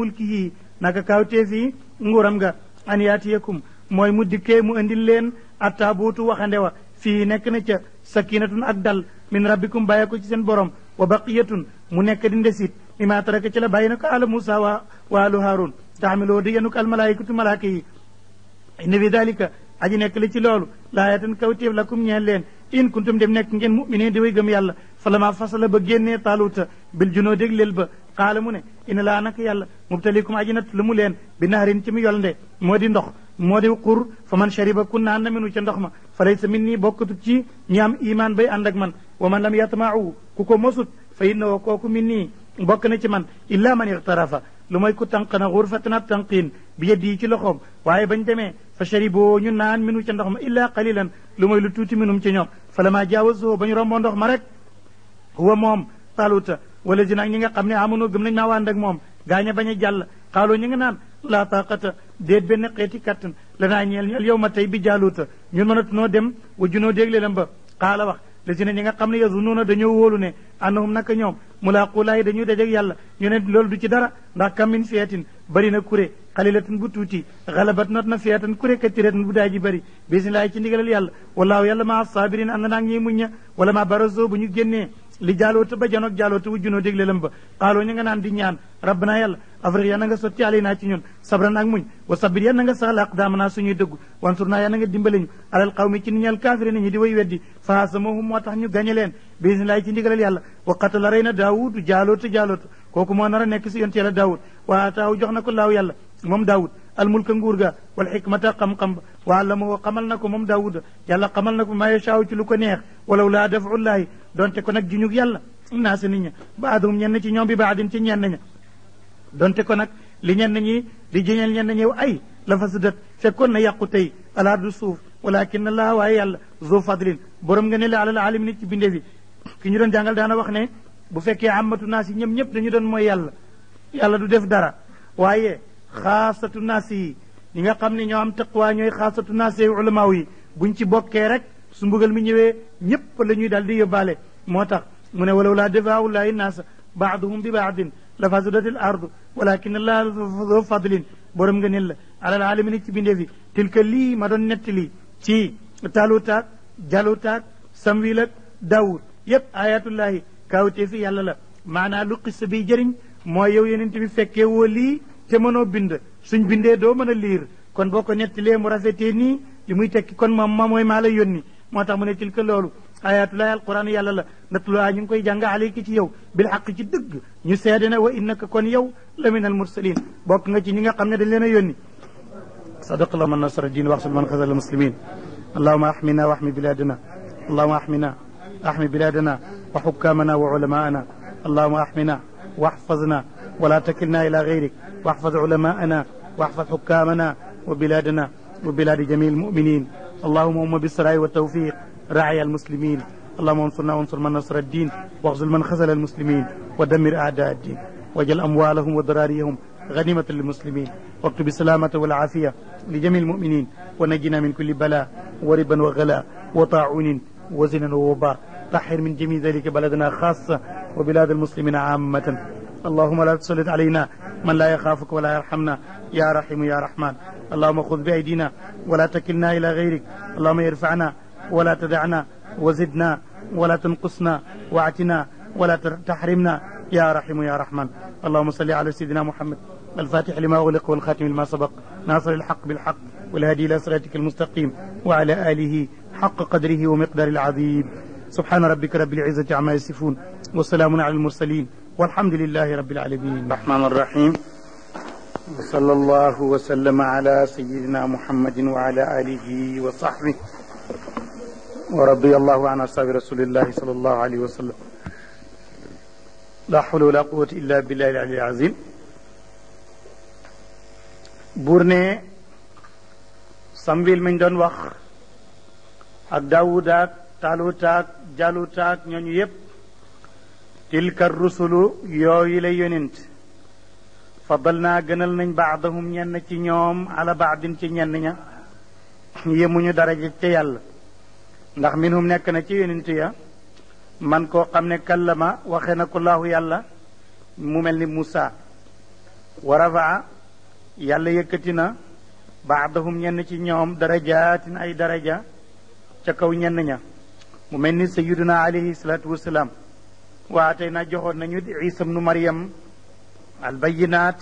nguuram ga an yaatiyakum mooy mu dikkee mu andil leen attaabuutu waxande wa fii nekk na ca sakinatun ak dal min rabbikum bàyyi ko ci seen borom wa baqiyatun mu nekk di ndesit mimma taraka ci la bàyyi na ko ala Musa wa wa alu Harun taxamiloo di yenuk almalaayikatu malaaka yi inna fi dalika aji nekk li ci loolu laayatan kawtéef lakum ñeen leen in kuntum dem nekk ngeen muminin di way gëm yàlla fa lama fasala ba génnee taaluta bil junoo dég lel ba xaala mu ne ina laa nag yàlla mubtalikum aji nat lu mu leen bi naharin ci mu yolnde moo di ndox moo di xur fa man shariba kun naan na minu ca ndox ma fa laysa min nii bokkatut ci ñi am iman bay ànd ak man wa man lam yatmaahu ku ko mosut fa innahu kooku min nii bokk na ci man illa man ixtarafa lu mooy ku tànq na xurfatan ab tànqiin bi yedd yi ci loxoom waaye bañ demee fa shariboo ñu naan minu ca ndox ma illa qalilan lu mooy lu tuuti minum ci ñoom fa lama jaawasoo ba ñu romboo ndox ma rek huwa moom taluta wala ji nag ñi nga xam ne amunu gëm nañ maa waan ak moom gaañ a bañ a jàll xaaloo ñu nga naan laa taqata déet benn xeeti kattan lanaa ñeel ñeel yow ma tey bi jaaluuta ñun mënatunoo dem wa junoo dégle lam ba xaala wax la ci ne ñi nga xam ne yazunuuna dañoo wóolu ne annahum naka ñoom mulaaqu laahi dañuy dajeeg yàlla ñu ne loolu du ci dara ndax kam min fiyatin bari na kuré xalilatin bu tuuti xalabat not na fiyatan kuré katiratan bu daa ji bëri bisimilahi ci ndigalal yàlla walaahu yàlla maa saabiriin ànd naag ñiy muñ li jaalootu ba janoog jaalootu wujjunoo dégle lam ba xaaloo ñu nga naan di ñaan rabbana yàlla afrique yan nga sotti alay ci ñun sabran ak muñ wa sabir yan nga saxal aqdamana suñuy dëggu wansur naa yan nga dimbale ñu alal xaw mi ci ni ñal kaafiri ñi ñi di way weddi faasa moohum moo tax ñu gañe leen bisimilahi ci ndigalal yàlla wa qatala rey na daawudu jaalootu jaalootu kooku moo nar a nekk si yonte yàlla daawud wa taaw jox na ko laaw yàlla moom daawud almulka nguur ga wal xikmata xam-xam ba wa allamahu xamal na ko moom daawud yàlla xamal na ko ci lu ko neex walaw laa dafullahi donte ko nag juñug yàlla naa sa nit ña baadum ñenn ci ñoom bi baadin ci ñenn ña donte ko nag li ñenn ñi li jiñeel ñenn ñi ay la fasadat fekkoon na yàqu tey du suuf walakin allah waaye yàlla zo fadlin borom nga ne la alal alamin ci bindee fi ki ñu doon jàngal daana wax ne bu fekkee amatu naas yi ñëpp ñëpp dañu doon moy yàlla yàlla du def dara waaye xaasatu naas yi ni nga xam ne ñoo am taqwa ñooy xaasatu naas yi ulamaaw yi buñ ci bokkee rek su mbugal mi ñëwee ñëpp la ñuy daal di yóbbaale moo tax mu ne walaw laa dafau llahi naasa baaduhum bi baadin la fasudat il ardu walakin allah zo fadlin borom nga nel la alal alamina ci bindee fi tilka lii ma doon nettali ci talutaak jalutaak samwil ak daawud yépp ayatullahi kaawtee fi yàlla la maanaa lu qissa bi jëriñ mooy yow yenente bi fekkee woo lii te mënoo bind suñ bindee doo mën a liir kon boo ko nettalee mu rafetee nii li muy tekki kon moom ma mooy motax mu ne ci ke tilka loolu ayatulahi alquran yàlla la natlu ñu ngi koy jàng alayka ci yow bil haqq ci deug ñu sédena wa innaka kon yow la min al mursalin bok nga ci ñi nga xam ne dañ leen a yónni صدق الله من نصر الدين واخذل من خذل المسلمين اللهم احمنا واحمي بلادنا اللهم احمنا احمي بلادنا وحكامنا وعلماءنا اللهم احمنا واحفظنا ولا تكلنا الى غيرك واحفظ علماءنا واحفظ حكامنا وبلادنا وبلاد جميع المؤمنين اللهم هم أمم بالسراء والتوفيق رعي المسلمين اللهم انصرنا وانصر من نصر الدين واغزل من خذل المسلمين ودمر أعداء الدين واجل أموالهم وضراريهم غنيمة للمسلمين واكتب السلامة والعافية لجميع المؤمنين ونجنا من كل بلاء وربا وغلاء وطاعون وزنا ووباء طهر من جميع ذلك بلدنا خاصة وبلاد المسلمين عامة اللهم لا تسلط علينا من لا يخافك ولا يرحمنا يا رحيم يا رحمن اللهم خذ بأيدينا ولا تكلنا إلى غيرك اللهم ارفعنا ولا تدعنا وزدنا ولا تنقصنا واعتنا ولا تحرمنا يا رحيم يا رحمن اللهم صل على سيدنا محمد الفاتح لما أغلق والخاتم لما سبق ناصر الحق بالحق والهادي إلى صراطك المستقيم وعلى آله حق قدره ومقدار العظيم سبحان ربك رب العزة عما يصفون وسلام على المرسلين والحمد لله رب العالمين الرحمن الرحيم وصلى الله وسلم على سيدنا محمد وعلى آله وصحبه ورضي الله عن أصحاب رسول الله صلى الله عليه وسلم لا حول ولا قوة إلا بالله العلي العظيم بورني ne من دون وخ wax ak daawudaak taalutaak jalutaak ñooñu yépp tilka rusulu yooyu faddal naa gënal nañ baadahum ñenn ci ñoom ala baadin ci ñenn ña yemuñu daraja ca yàlla ndax minhum nekk na ci yonent ya man koo xam ne kallama waxe na ko laahu yàlla mu mel ni Muusa wa rafaa yàlla yëkkati na baadahum ñenn ci ñoom darajaatin ay daraja ca kaw ñenn ña mu mel ni sayyiduna alayhi salaatu wasalaam waatey na joxoon nañu Isa ibnu Maryam albayinaat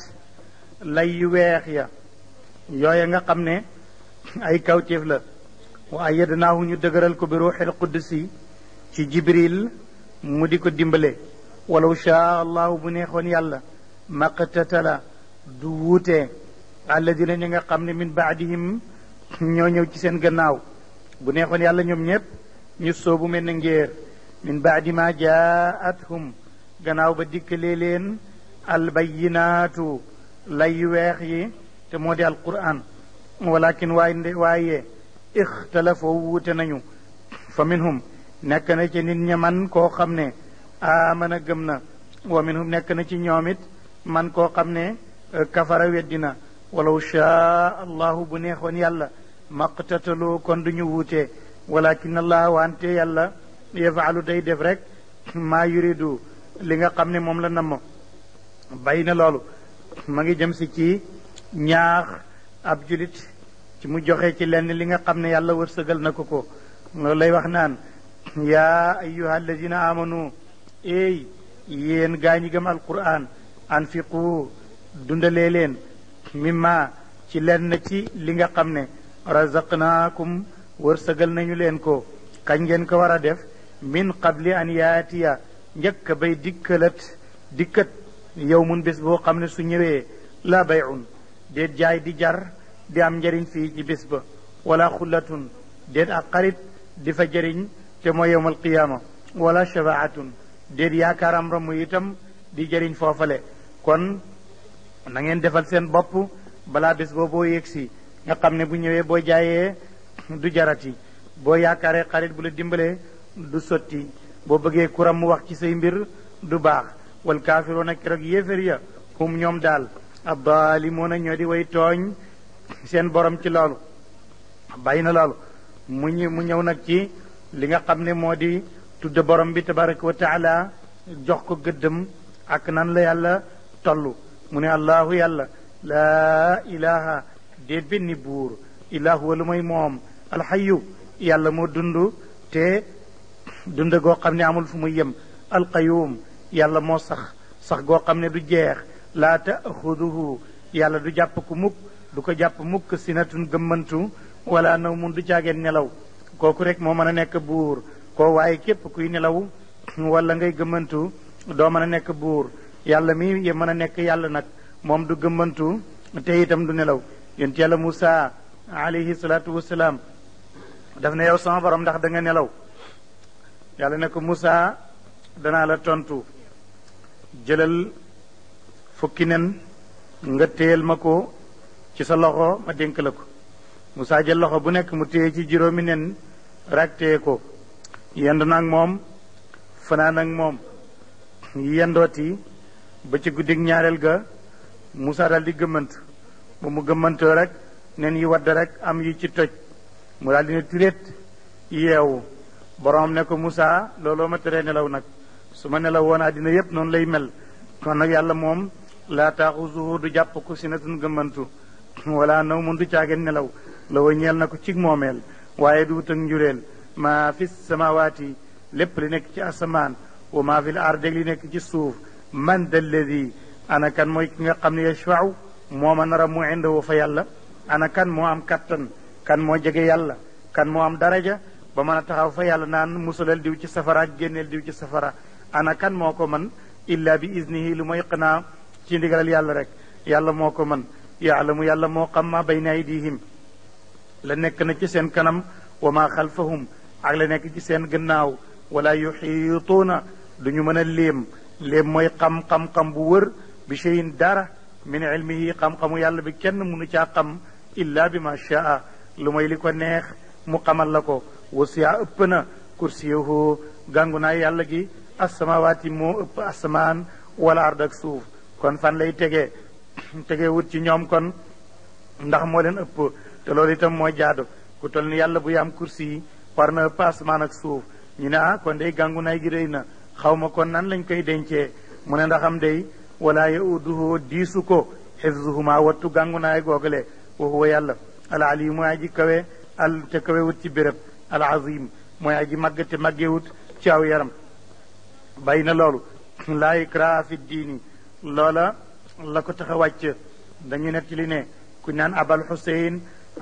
lay yu weex ya yooya nga xam ne ay kawtéef la wa ayyadnaahu ñu dëgëral ko bi ruuxil quddusi ci jibril mu di ko dimbale walaw shaa allahu bu neexoon yàlla maqtatala du wuute alladina ñi nga xam ne min baadihim ñoo ñëw ci seen gannaaw bu neexoon yàlla ñoom ñépp ñu soobu mel na ngéer min baadi ma jaathum gannaaw ba dikkalee leen albayinaatu lay weex yi te moo di alquran kin waaye waaye ixtalafoo wuute nañu fa minhum nekk na ci nit ña man koo xam ne aamana gëm na wa minhum nekk na ci ñoom it man koo xam ne eh, kafara weddina walaw shaa allahu bu neexoon yàlla maqtataloo kon du ñu wuute walakin allah wante yàlla yafaalu day def rek maa yuridu li nga xam ne moom la namm bàyyi na loolu ma ngi jëm si ci ñaax ab julit ci mu joxe ci lenn li nga xam ne yàlla wër wërsëgal na ko ko loolu lay wax naan yaa ayyuha alladina amanu ey yéen gaa ñi gëm alquran anfiqu dundalee leen mimma ci lenn ci li nga xam ne naa razaqnaakum wërsëgal nañu leen ko kañ ngeen ko war a def min qabli an yaatiya njëkk bay dikkalat dikkat yow mun bés boo xam ne su ñëwee la bayun déet jaay di jar di am njëriñ fii ci bés ba wala xullatun déet ak xarit di fa jariñ te mooy yowmal qiyaama wala shafaatun déet yaakaaram ramu itam di jëriñ foofale kon na ngeen defal seen bopp balaa bés boo boo yegg si nga xam ne bu ñëwee boo jaayee du jarati boo yaakaaree xarit bu la dimbalee du sotti boo bëggee kuram mu wax ci say mbir du baax wal kaafiruuna keroog yéefér ya hum ñoom daal addaalimuuna ñoo di way tooñ seen borom ci loolu bàyyi na loolu mu ñu mu nag ci li nga xam ne moo di tudd borom bi tabaraka wa taala jox ko gëddëm ak nan la yàlla tollu mu ne allahu yàlla laa ilaha déet benn buur ilahu wa lu may moom alxayu yàlla moo dund te dund goo xam ne amul fu muy yem alqayum yàlla moo sax sax goo xam ne du jeex laata laa taaxuduhu yàlla du jàpp ku mukk du ko jàpp mukk sinatun gëmmantu wala naw mun du jàggee nelaw kooku rek moo mën a nekk buur koo waaye képp kuy nelaw wala ngay gëmmantu doo mën a nekk buur yàlla mi ye mën a nekk yàlla nag moom du gëmmantu te itam du nelaw yonent yàlla Moussa alayhi salaatu wasalaam daf ne yow sama borom ndax danga nelaw yàlla ne ko Moussa danaa la tontu jëlal fukki nen nga téyel ma ko ci sa loxo ma dénk la ko Moussa jël loxo bu nekk mu téye ci juróomi nen raak ko yend na ak moom fanaan ak moom yendooti ba ci guddig ñaareel ga musaa daal di gëmmant ba mu gëmmantoo rek nen yi wadd rek am yi ci toj mu daal di ne turéet yeewu boroom ne ko Moussa looloo ma tere nelaw nag su ma nelaw woon dina yépp noonu lay mel kon nag yàlla moom laa taaxuzuhu du jàpp ko sinatun gëmmantu wala naw mun du caageen nelaw la wa ñeel na ko cig moomeel waaye du wut ak njureel maa fi samawaati lépp li nekk ci asamaan wa maa fi l ard li nekk ci suuf man dalladi ana kan mooy ki nga xam ne yashfau moo ma nar a mu indahu fa yàlla ana kan moo am kattan kan moo jege yàlla kan moo am daraja ba mën a taxaw fa yàlla naan musalal diw ci safara ak diw ci safara ana kan moo ko man illa bi iznihi lu mooy qanaa ci yàlla rek yàlla moo ko man yaalamu yàlla moo xam ma bayna aydihim la nekk na ci seen kanam wa ma xalfahum ak la nekk ci seen gannaaw wala yuxiituuna du ñu mën a léem léem mooy xam xam bu wër bi cheyin dara min ilmihi xam-xamu yàlla bi kenn mënu caa xam illa bi ma shaa lu mooy li ko neex mu xamal la ko wasiya ëpp na kursiyuhu gàngu naa yàlla gi asamawaati moo ëpp asamaan wala ard suuf kon fan lay tegee [CLEARS THROAT] tegee wut ci ñoom kon ndax moo leen ëpp te loolu itam moo jaadu ku tol ni yàlla bu yaam kursi yi war na ëpp asamaan ak suuf ñu ne ah kon day gàngu naay gi rëy na xaw ma kon nan lañ koy dencee mu ne ndaxam day wala yauduhu diisu ko xifzuhuma wattu gàngu naay googale wa huwa yàlla al mooy aji kawe te kawe wut ci béréb ala azim mooy aji màgg te màggee wut ci aw yaram bàyyi na loolu [CLEARS THROAT] laa ikraha fi diini loola la ko texe wàcc dañu nekk ci ne ku ñaan abal xuseyn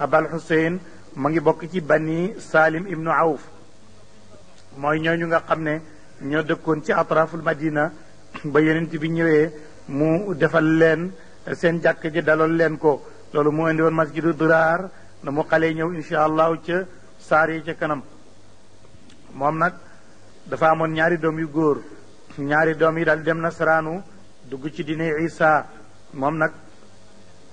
abal xuseyn mu ngi bokk ci bani salim ibnu awf mooy ñooñu nga xam ne ñoo dëkkoon ci atraful madina [CLEARS THROAT] ba yonent bi ñëwee mu defal leen seen jàkk ji dalool leen ko loolu mu indi woon masjidu diraar na mu xale ñëw incha allahu ca saar yi ca kanam moom nag dafa amoon ñaari doom yu góor ñaari doom yi daal dem nasaraanu dugg ci diine isa moom nag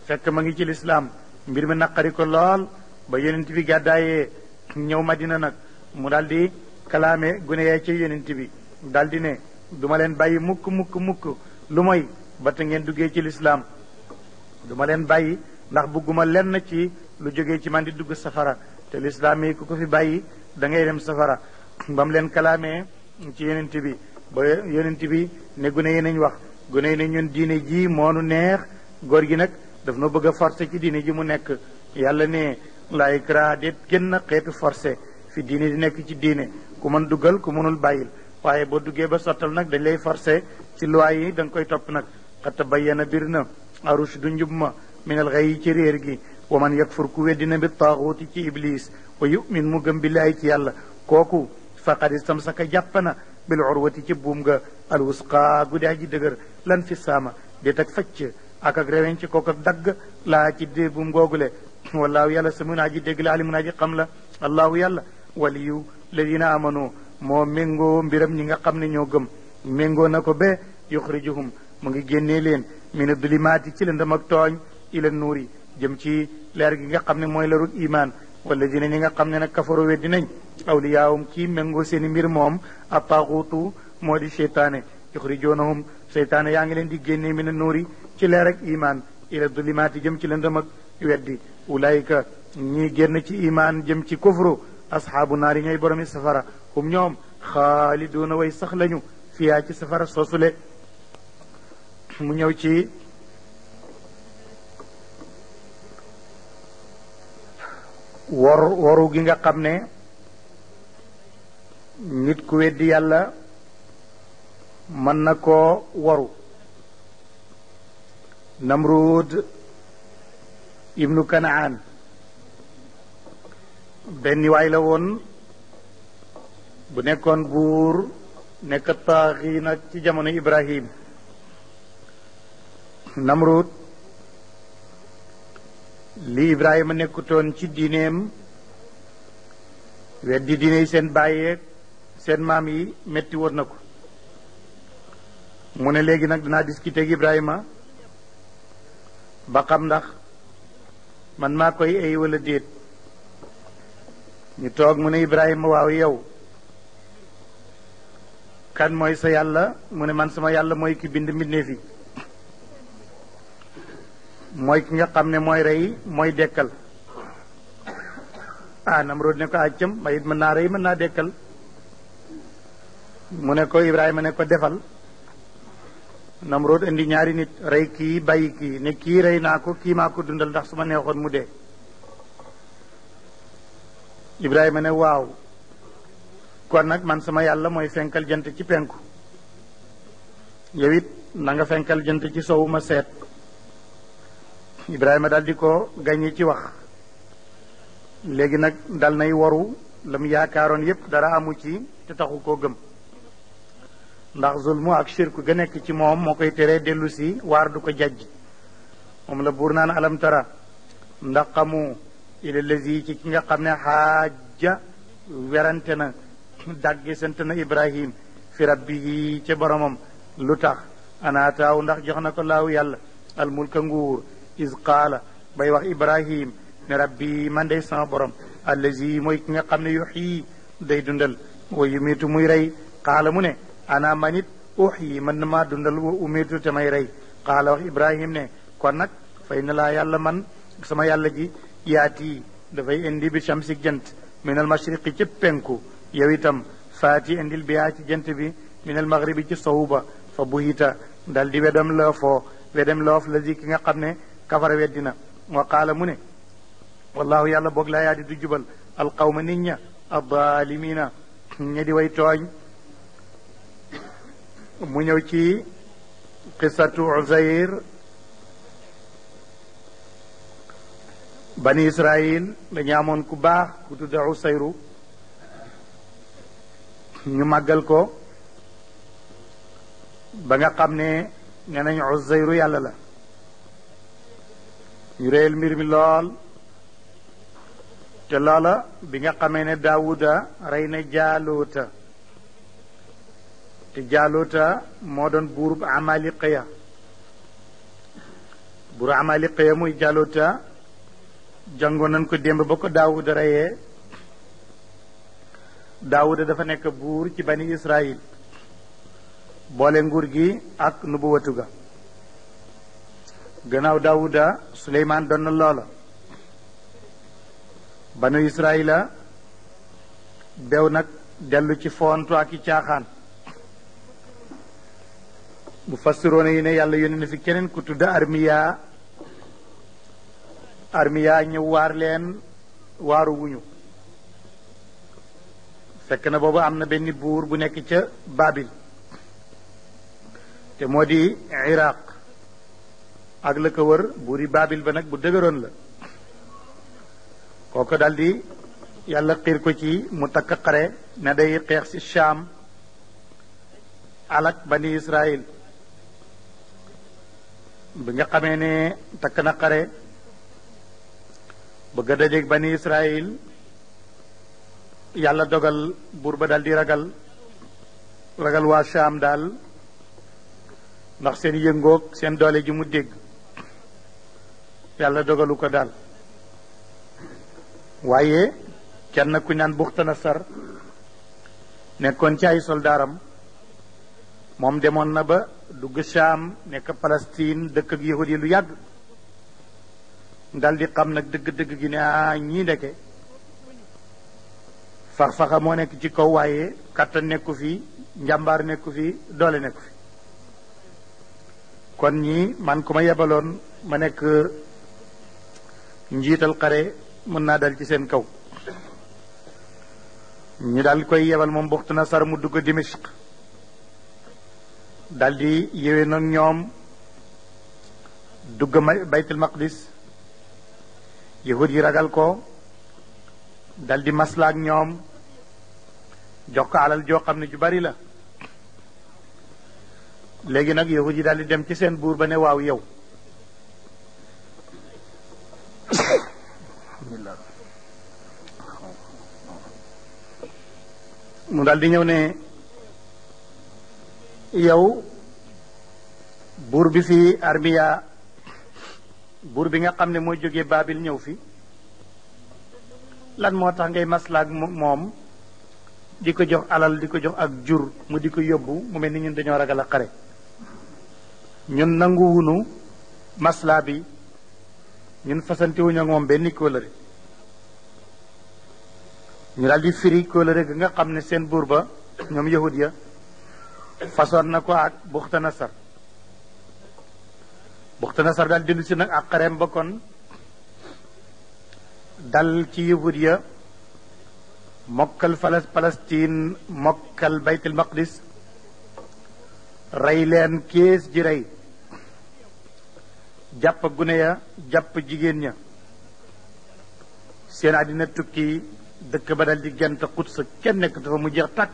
fekk ma ngi ci lislaam mbir ma naqari ko lool ba yonent bi gàddaayee ñëw ma dina nag mu daal di kalaame gune yee ci yonent bi daal di ne duma leen bàyyi mukk mukk mukk lu mooy ba te ngeen duggee ci lislaam duma leen bàyyi ndax bugguma lenn ci lu jógee ci man di dugg safara te lislaam ku ko fi bàyyi da ngay dem safara ba mu leen kalaamee ci yeneent bi ba yonent bi ne gune yi nañ wax gune yi ne ñun diine ji moonu neex góor gi nag daf na bëgg a forcé ci diine ji mu nekk yàlla ne laa ikraha déet génn na xeetu forcé fi diine di nekk ci diine ku mën dugal ku mënul bàyyil waaye boo duggee ba sottal nag dañ lay forcé ci loi yi danga koy topp nag xata bayyana biir na arush du njub ma minal xëy yi ci réer gi waman yakfur ku weddina bi taaxuuti ci iblis wa yumin mu gëm billaay ci yàlla kooku faqad istamsaka jàpp na bil urwati ci buum ga alwusqa gu dee ji dëgër lan fi saama déet ak facc ak ak ci kook dagg laa ci dee buum googule wallaahu yàlla samiun aji dégg la alimun aji xam la allaahu yàlla waliyu ladina amanu moo méngoo mbiram ñi nga xam ne ñoo gëm méngoo na ko ba yuxrijuhum mu ngi génnee leen min adlimaati ci lëndëm ak tooñ ila nuuri jëm ci leer gi nga xam ne mooy imaan iman walladina ñi nga xam ne nag kafaru weddi awliyaawum kii méngoo seeni mbir moom ab taaxuutu moo di seytaane yuxrijoonahum seytaane yaa ngi leen di génne min nuuri ci leer ak imaan ila dulimaati jëm ci lëndëm ak weddi ulaayika ñii génn ci imaan jëm ci kufru asxaabu naari ñooy boromi safara hum ñoom xaaliduuna way sax lañu fiyaa ci safara soosule mu ñëw ci wor gi nga xam ne nit ku weddi yàlla mën na ko waru namruud ibnu kanaan benn waay la woon bu nekkoon buur nekk taaxi nag ci jamono ibrahim namruud li ibrahima nekkutoon ci diineem weddi diiney seen bàyyeeg seen maam yi metti woon na ko mu ne léegi nag dinaa discuter ak Ibrahima ba xam ndax man maa koy ay walla déet ñu toog mu ne Ibrahima waaw yow kan mooy sa yàlla mu ne man sama yàlla mooy ki bind mbindeef yi mooy ki nga xam ne mooy rey mooy dekkal ah Namrod ne ko accam mayit mën naa rey mën naa dekkal mu ne ko Ibrahima ne ko defal Namrod indi ñaari nit rey kii bàyyi kii ne kii rey naa ko kii maa ko dundal ndax su ma neexoon mu dee Ibrahima ne waaw kon nag man sama yàlla mooy fenkal jant ci penku yow it na fenkal jant ci sowu ma seet Ibrahima dal di ko gañi ci wax léegi nag dal nay waru la mu yaakaaroon yépp dara amu ci te taxu koo gëm ndax zulmu ak shirku ga nekk ci moom moo koy teree dellu si waar du ko jajj moom la buur naan alam tara ndax xamu ila lazi ci ki nga xam ne xaaja werante na dàgge sant na ibrahim fi rabbihi ci boromam lu tax anaataaw ndax jox na ko laaw yàlla almulka nguur is kaala bay wax ibrahim ne rabbi man day sama borom allazi mooy ki nga xam ne yuxyi day dundal wa yumiitu muy rey kaala mu ne ana manit ux yi mën na dundal wa te may rey xaala wax ibrahim ne kon nag fay na laa yàlla man sama yàlla ji yaati dafay indi bi shamsi jant minal mashriqi ci penku yow faati indil biyaa ci jant bi minal maghribi ci sowu ba fa buhita dal di wedam la foo wedam loof la zi nga xam ne kafara weddina wa qaala mu ne wallahu yàlla boog laa yaa di du jubal alqawma nit ña addaalimiina ña di way tooñ mu ñëw ci qissatu Uzayr bani Israil dañu amoon ku baax ku tudda Usayru ñu màggal ko ba nga xam ne nee nañ Uzayru yàlla la ñu réyal mbir mi lool te loola bi nga xamee ne Daawuda rey na Jaaluuta te jaaluuta moo doon buurub amaliqiya buuru amaliqiya muy jaaluuta jàngoon nañ ko démb ba ko daawuda reyee daawuda dafa nekk buur ci bani israil boole nguur gi ak nubuwatu ga gannaaw daawuda suleymaan doon na loola banu israila bew nag dellu ci foontu ak i caaxaan mu fassiroona yi ne yàlla yónni na fi keneen ku tudd armiya armiya ñëw waar leen waaru fekk na boobu am na benn buur bu nekk ca babil te moo di iraq ak la ko wër buuri babil ba nag bu dëgëroon la kooko daldi yàlla xiir ko ci mu takk xare na day xeex ci Shaam alak bani Israil bi nga xamee ne takk na xare bëgg a dajeeg bani Israël yàlla dogal buur ba daal di ragal ragal waa Shaam daal ndax seen yëngoog seen doole ji mu dégg yàlla dogalu ko daal waaye kenn ku naan buxtana sar nekkoon ci ay soldaaram moom demoon na ba dugg Sham nekk Palestine dëkk ak yahud lu yàgg dal di xam nag dëgg-dëgg gi ne ah ñii ndeke fax-faxa moo nekk ci kaw waaye kattan nekku fi njàmbaar nekku fi doole nekku fi kon ñii man ku ma yebaloon ma nekk njiital xare mën naa dal ci seen kaw ñu daal koy yebal moom buxtu na sar mu dugg Dimishq daldi yéwee nag ñoom dugg baytul maqdis yahud yi ragal ko daldi masla ak ñoom jox ko alal joo xam ne ju bari la léegi nag yahud yi daldi dem ci seen buur ba ne waaw yow [COUGHS] mu daldi ñëw ne yow bur bi fi armiya bur bi nga xam ne mooy jóge baabil ñëw fi lan moo tax ngay maslaag moom di ko jox alal di ko jox ak jur mu di ko yóbbu mu mel ni ñun dañoo ragal a xare ñun nangu wunu masla bi ñun fasanti wuñu ak moom benn kóolëre ñu daal di firi kóolëre gi nga xam ne seen buur ba ñoom yahud ya façon na ko ak buxta nasar buxta nasar nag ak xareem ba kon dal ci yahud ya mokkal falas palestine mokkal baytul maqdis rey leen kees ji rey jàpp gune ya jàpp jigéen ña seen àddina tukki dëkk ba dal di gent xut sa kenn nekk dafa mu jeex tàkk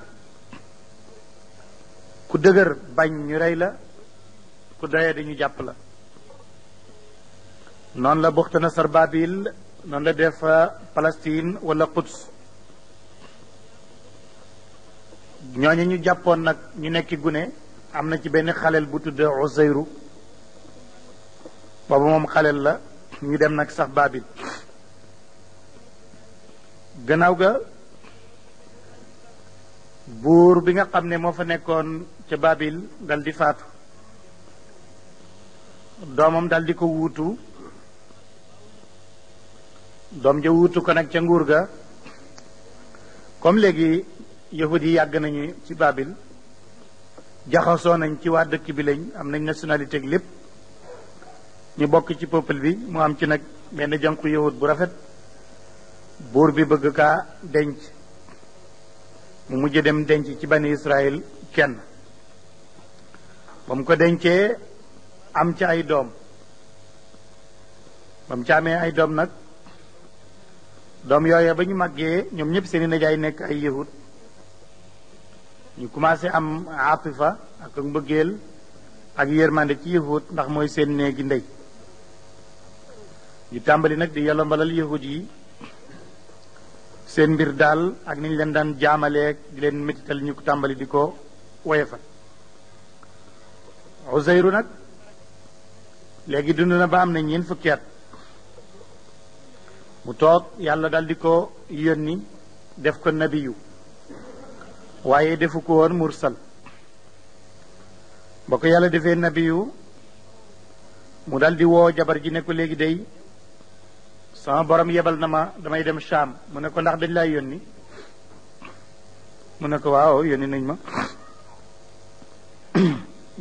ku dëgër bañ ñu rey la ku doye dañu jàpp la noonu la buxtana sarbabil noonu la def euh, Palestine wala Quds ñooñu ñu jàppoon nag ñu nekki gune am na ci benn xaleel bu tudd Usayru boobu moom xaleel la ñu dem nag sax baabil gannaaw ga buur bi nga xam ne moo fa nekkoon ca Babil dal di faatu doomam dal di ko wuutu doom ja wuutu ko nag ca nguur ga comme léegi yahudi yi yàgg nañu ci Babil jaxasoo nañ ci waa dëkk bi lañ am nañ nationalité ak lépp ñu bokk ci peuple bi mu am ci nag benn jànku yahud bu rafet buur bi bëgg kaa denc mu mujj dem denc ci bani Israël kenn ba mu ko dencee am ci ay doom ba mu ci amee ay doom nag doom yooye ba ñu màggee ñoom ñëpp seeni nijaay nekk ay yahud ñu commencé am atifa ak ak mbëggeel ak yërmande ci yahud ndax mooy seen néegi ndey ñu tàmbali nag di yolombalal yahud yi seen mbir daal ak ni ñu leen daan jaamaleeg di leen métital ñu tàmbali di ko woyefal Uzayru nag léegi dund na ba am na ñeent fukki at mu toog yàlla dal di ko yónni def ko nabiyu waaye defu ko woon mursal ba ko yàlla defee nabiyu mu dal di woo jabar ji ne ko léegi day sama boroom yebal na ma damay dem Shaam mu ne ko ndax dañ laa yónni mu ne ko waaw yónni nañ ma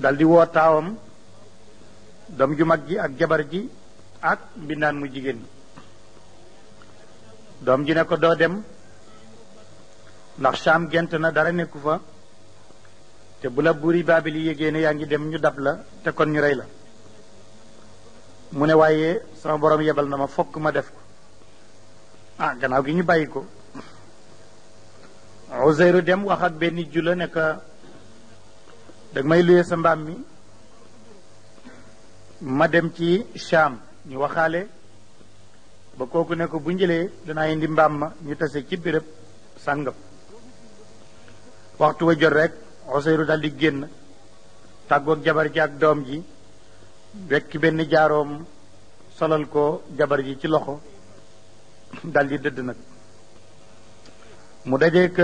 daldi woo taawam doom ju mag ji ak jabar ji ak mbindaan mu jigéen doom ji ne ko doo dem ndax saam gent na dara nekku fa te bu la buuri baabil yi yégée ne yaa ngi dem ñu dab la te kon ñu rey la mu ne waaye sama borom yebal na ma fokk ma def ko ah gannaaw gi ñu bàyyi ko Uzayru dem wax ak benn jula ne danga may luyee sa mbaam mi ma dem ci Sham ñu waxaale ba kooku ne ko bu njëlee danaa indi mbaam ma ñu tase ci béréb sàngam waxtu wa jot rek Useyru dal di génn tàggoog jabar ji ak doom ji wekki benn jaaroom solal ko jabar ji ci loxo dal di dëdd nag mu dajeek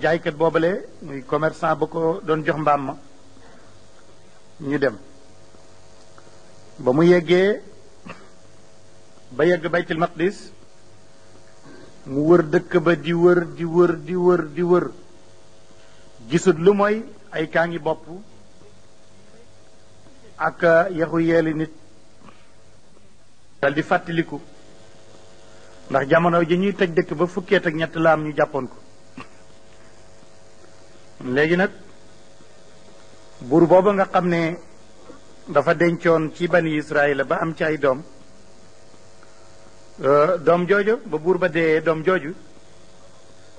jaaykat boobale muy commerçant ba ko doon jox mbaam ma ñu dem ba mu yeggee ba yegg baytil maqdis mu wër dëkk ba di wër di wër di wër di wër gisut lu mooy ay kaa ngi bopp ak yaxu yeeli nit dal di fàttaliku ndax jamono ji ñuy tëj dëkk ba fukkeet ak ñett laam ñu jàppoon ko léegi nag buur booba nga xam ne dafa dencoon ci bani Israayil ba am ci ay doom euh, doom jooju ba buur ba dee doom jooju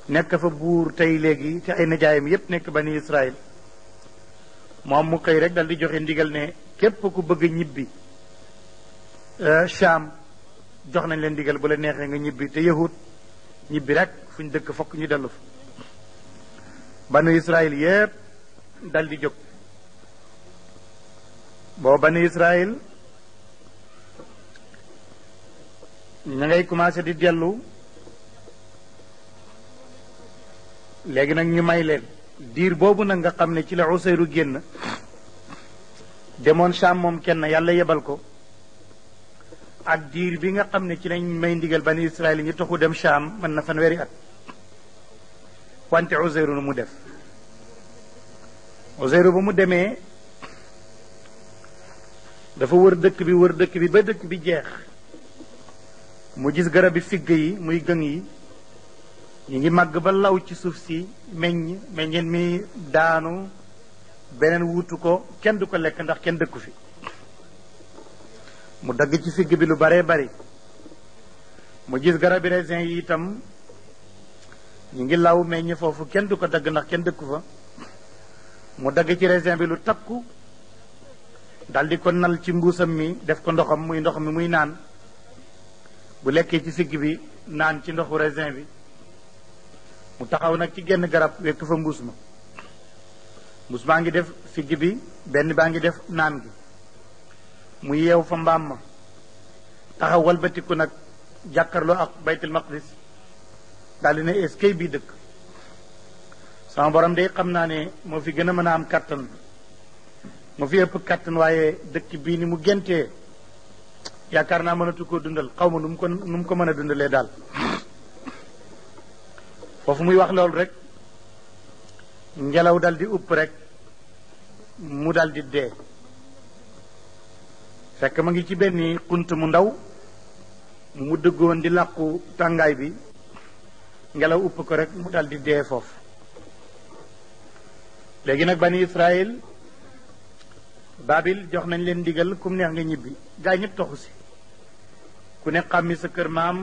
nekk fa buur tey léegi te ay nijaayam yépp nekk bani Israayil moom mu xëy rek dal di joxe ndigal ne képp ku bëgg ñibbi euh, Sham jox nañ leen ndigal bu la neexee nga ñibbi te yahut ñibbi rek fuñ dëkk fokk ñu dellu fa banu Israayil yépp dal di jóg boo bani Israël ña ngay commencé di dellu léegi nag ñu may leen diir boobu nag nga xam ne ci la Useyru génn demoon Saam moom kenn yàlla yebal ko ak diir bi nga xam ne ci lañ may ndigal bani Israël ñu taxu dem Saam man na fanweeri at wante Useyru nu mu def Useyru ba mu demee dafa wër dëkk bi wër dëkk bi ba dëkk bi jeex mu gis garab garabi figg yi muy gën yi ñu ngi màgg ba law ci suuf si meññ meññeen mi daanu beneen wuutu ko kenn du ko lekk ndax kenn dëkku fi mu dagg ci figg bi lu baree bari mu gis garabi raisin yi itam ñu ngi law meññ foofu kenn du ko dagg ndax kenn dëkku fa mu dagg ci raisin bi lu takku daldi ko nal ci mbuusam mi def ko ndoxam muy ndox mi muy naan bu lekkee ci sigg bi naan ci ndoxu raisin bi mu taxaw nag ci genn garab wekk fa mbuus ma mbuus maa ngi def sigg bi benn baa ngi def naan gi mu yeew fa mbaam ma taxaw walbatiku nag jàkkarloo ak baytul maqdis daldi ne eskay bii dëkk sama borom de xam naa ne moo fi gën a mën a am kàttan mu fi ëpp kattan waaye dëkk bii ni mu géntee yaakaar naa mënatu koo dundal xaw ma nu mu ko nu mu ko mën a dundalee daal foofu muy wax loolu rek ngelaw dal di upp rek mu daldi di dee fekk ma ngi ci benn xunt mu ndaw mu dëggoon di làqu tàngaay bi ngelaw upp ko rek mu dal di dee foofu léegi nag bani Israël babil jox nañ leen digal kum neex nga ñibbi gaay ñep toxu si ku ne xàmmi sa kër maam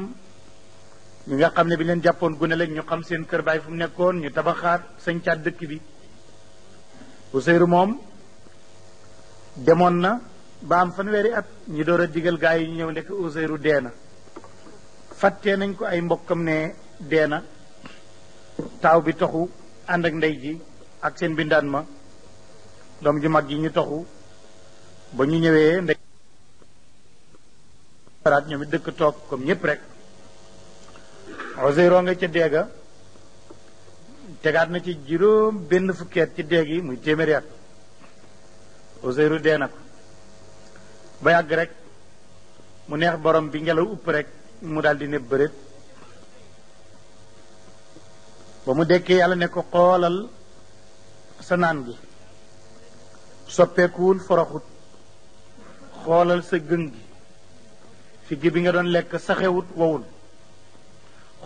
ñi nga xam ne bi leen jàppoon gune lañ ñu xam seen kër baay fu mu nekkoon ñu tabaxaat sañcaat dëkk bi Useyru moom demoon na ba am fanweeri at ñi door a digal gaay yi ñu ñëw nekk Useyru dee na fàttee nañ ko ay mbokkam ne dee na taaw bi toxu ànd ak ndey ji ak seen bindaan ma doom ju mag yi ñu toxu ba ñu ñëwee ndek raat ñoom it dëkk toog comme ñëpp rek oseyro nga ci deega tegaat na ci juróom benn fukkeet ci deeg yi muy téeméeri at oseyro dee na ko ba yàgg rek mu neex borom bi ngelaw upp rek mu daal di ne bëreet ba mu dekkee yàlla ne ko xoolal sa naan gi soppeekuwul foroxut xoolal sa gën gi figgi bi nga doon lekk saxewut wowul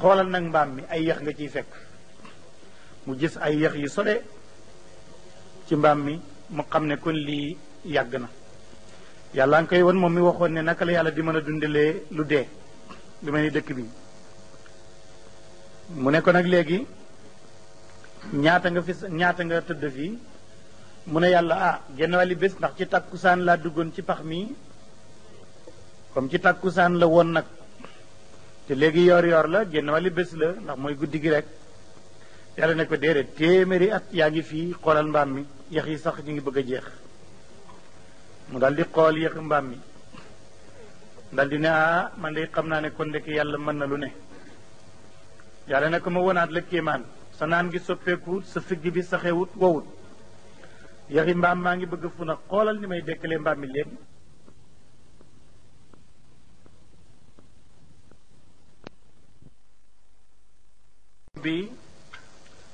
xoolal nag mbaam mi ay yax nga ciy fekk mu gis ay yax yu sole ci mbaam mi mu xam ne kon lii yàgg na yàlla nga koy won moom mi waxoon ne naka la yàlla di mën a dundalee lu dee lu mel ni dëkk bi mu ne ko nag léegi ñaata nga fi ñaata nga tëdd fii mu ne yàlla ah genn wàlli bés ndax ci tàkkusaan laa duggoon ci pax mi comme ci tàkkusaan la woon nag te léegi yoor yoor la génn wàlli bés la ndax mooy guddi gi rek yàlla ne ko déedéet téeméeri at yaa ngi fii xoolal mbaam mi yax yi sax ñu ngi bëgg a jeex mu daal di xool yax mbaam mi daldi di ne ah man de xam naa ne kon ndekk yàlla mën na lu ne yàlla ne ko ma wonaat la kéemaan sa naan gi soppeeku sa figg bi saxewut wowut yaxi mbaam maa ngi bëgg fu na xoolal ni may dekkale mbaam mi léegi bi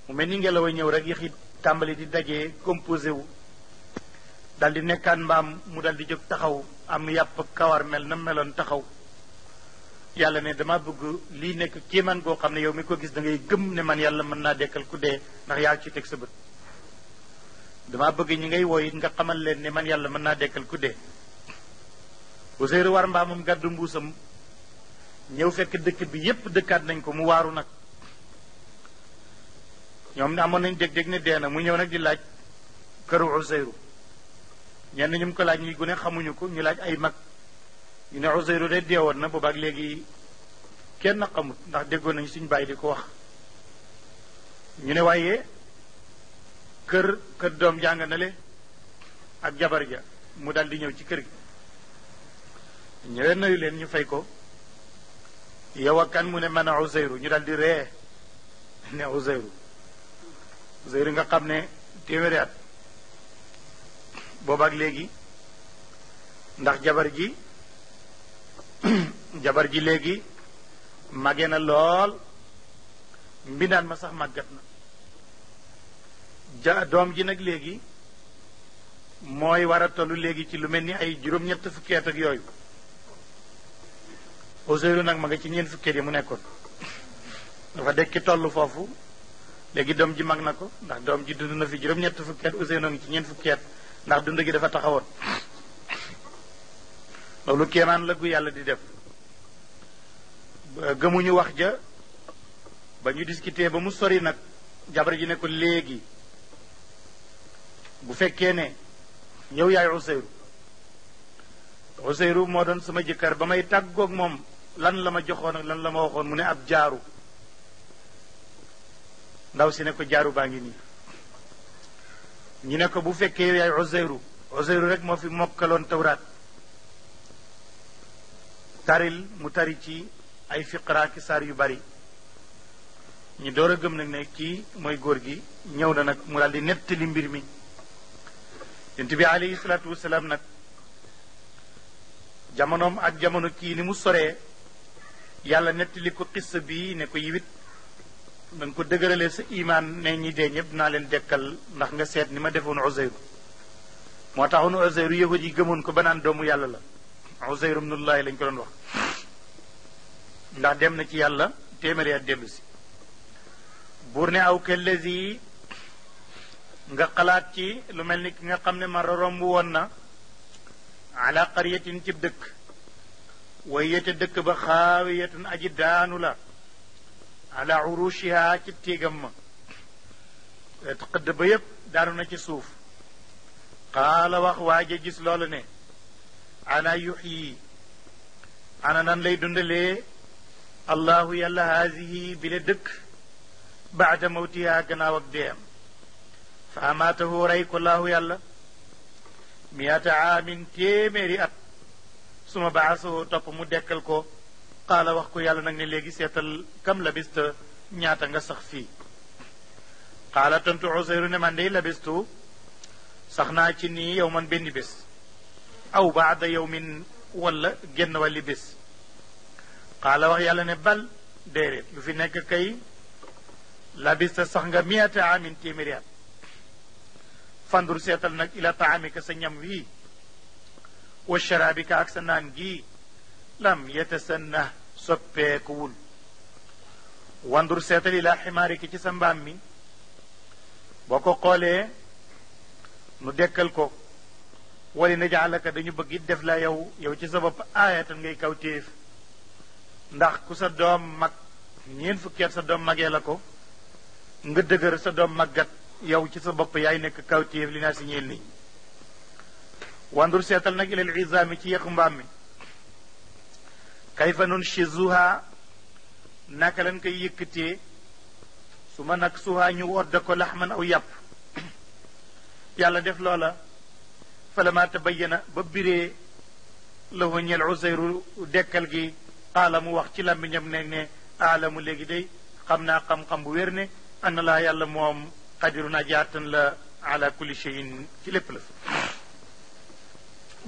mu mel ni ngelaw ñëw rek yaxi tàmbali di dajee composé wu dal di nekkaan mbaam mu dal di jóg taxaw am yàpp kawar mel na meloon taxaw yàlla ne dama bëgg lii nekk kéemaan goo xam ne yow mi ko gis da ngay gëm ne man yàlla mën naa dekkal ku dee ndax yaa ci teg sa bët dama bëgg ñi ngay woo nga xamal leen ne man yàlla mën naa dekkal ku dee Uzeyru war mbaa moom gàddu mbuusam ñëw fekk dëkk bi yépp dëkkaat nañ ko mu waaru nag ñoom ne amoon nañ dég-dég ne dee na mu ñëw nag di laaj këru Uzeyru ñenn ñu ko laaj ñuy gune xamuñu ko ñu laaj ay mag ñu ne Uzeyru de deewoon na boobaak léegi kenn xamut ndax déggoon nañu suñu bàyyi di ko wax ñu ne waaye kër kër doom jàng ak jabar ja mu dal di ñëw ci kër gi leen ñu fay ko yow kan mu ne man Useyru ñu dal di ne Useyru Useyru nga xamné ne téeméeri at boobaak léegi ndax jabar ji [CLEARS THROAT] jabar ji légui magena lool ma sax ja doom ji nag léegi mooy wara a léegi ci lu mel ni ay juróom-ñett fukki ak yooyu Ousseynou nag ma nga ci ñeent fukki yi mu nekkoon dafa dekki toll foofu léegi doom ji mag na ko ndax doom ji dund na fi juróom-ñett fukki at Ousseynou ngi ci ñeent fukki at ndax dund gi dafa taxawoon loolu kéemaan la gu yàlla di def gëmuñu wax ja ba ñu discuter ba mu sori nag jabar ji ne ko léegi bu fekkee ne yow yaay Useyru Useyru moo doon sama jëkkër ba may tàggoog moom lan la ma joxoon ak lan la ma waxoon mu ne ab jaaru ndaw si ne ko jaaru baa ngi nii ñu ne ko bu fekkee yow yaay Useyru Useyru rek moo fi mokkaloon tawraat taril mu tari ci ay fiqra ki saar yu bari ñu door a gëm nag ne ci mooy góor gi ñëw na nag mu daal di nettali mbir mi yent bi alayhi salaatu wasalaam nag jamonoom ak jamono kii ni mu soree yàlla nettali ko xissa bi ne ko yiwit da ko dëgëralee sa imaan ne ñi dee ñëpp naa leen dekkal ndax nga seet ni ma defoon Uzayru moo taxoon Uzayru yahud yi gëmoon ko ba naan doomu yàlla la Uzayru ibnullahi lañ ko doon wax ndax dem na ci yàlla téeméeri at dellu buur ne aw kallazi nga xalaat ci lu mel ni ki nga xam ne mara romb woon na ala qaryatin ci dëkk wayete dëkk ba xaawiyatun aji daanu la ala urushiha ci tiigam ma xëdd ba yépp daanu na ci suuf qaala wax waaje gis loola ne ana yuxyi ana nan lay dundalee allahu yàlla haasihi bile dëkk baada mawtiha gannaaw ak deem fa amaatahu rey ko laahu yàlla miata aamin téeméeri at suma baasahu topp mu dekkal ko qaala wax ko yàlla nag ne léegi seetal kam labista ñaata nga sax fii qaala tontu usayru ne man day labistu sax naa ci nii yow man benn bés aw baada yawmin wala génn wàlli bés qaala wax yàlla ne bal déeréet lu fi nekk kay labista sax nga miata aamin téeméeri at fandur seetal nag ila taamika sa ñam wii wa sharaabika ak sa naan gii lam yatasanna soppeekuwul wandur seetal ila ximaariki ci sa mbaam mi boo ko xoolee nu dekkal ko wali najalaka dañu bëgg it def la yow yow ci sa bopp aayatan ngay kaw téef ndax ku sa doom mag ñeent fukkeet sa doom magee la ko nga dëgër sa doom màggat yow ci sa bopp yaay nekk kawtéef li naa si ñeel ni ñi wandur seetal nag ilal izaami ci yëqu mbaam mi kayfa nun shizuha naka lañ koy yëkkatee su ma nag suha ñu wodd ko laxman aw yàpp yàlla def loola falama tabayyana ba biree la ñel usayru dekkal gi aala mu wax ci làmmiñam ne ne aalamu léegi day xam naa xam-xam bu wér ne ana laa yàlla moom qadiru najaatan la ala kulli cheyin ci lépp la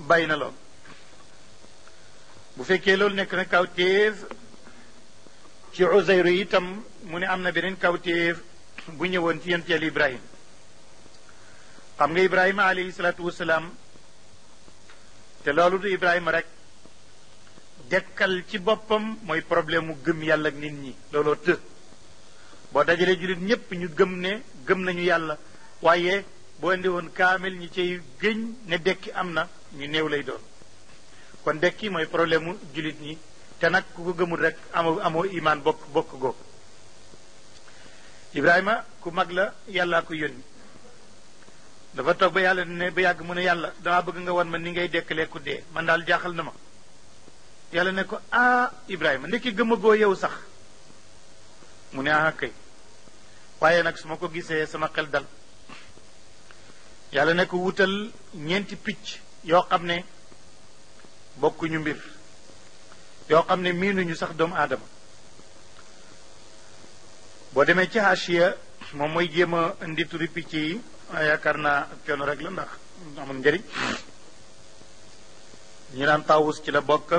bàyyi na lool bu fekkee loolu nekk na kawtéef ci Uzayru itam mu ne am na beneen kawtéef bu ñëwoon ci yenteel Ibrahim xam nga Ibrahima alayhi salaatu wasalaam te loolu du Ibrahima rek dekkal ci boppam mooy problème mu gëm yàlla ak nit ñi looloo të boo dajalee jullit ñépp ñu gëm ne gëm nañu yàlla waaye boo indi woon kaamil ñi cay géñ ne dekki am na ñu néew lay doon kon dekki mooy problème mu jullit ñi te nag ku ko gëmul rek amoo amoo imaan bokk bokk goog Ibrahima ku mag la yàllaa ko yónni dafa toog ba yàlla ne ba yàgg mu ne yàlla damaa bëgg nga wan ma ni ngay dekkalee ku dee man daal jaaxal na ma yàlla ne ko ah Ibrahima ndekki gëma a goo yow sax mu ne ah kay waaye nag su ma ko gisee sama xel dal yàlla ne ko wutal ñeenti picc yoo xam ne bokkuñu mbir yoo xam ne miinuñu sax doomu aadama boo demee ci haashiya moom mooy jéem a indi turi picc yi yaakaar naa ak coono rek la ndax amul njëriñ ñu naan tawus ci la bokk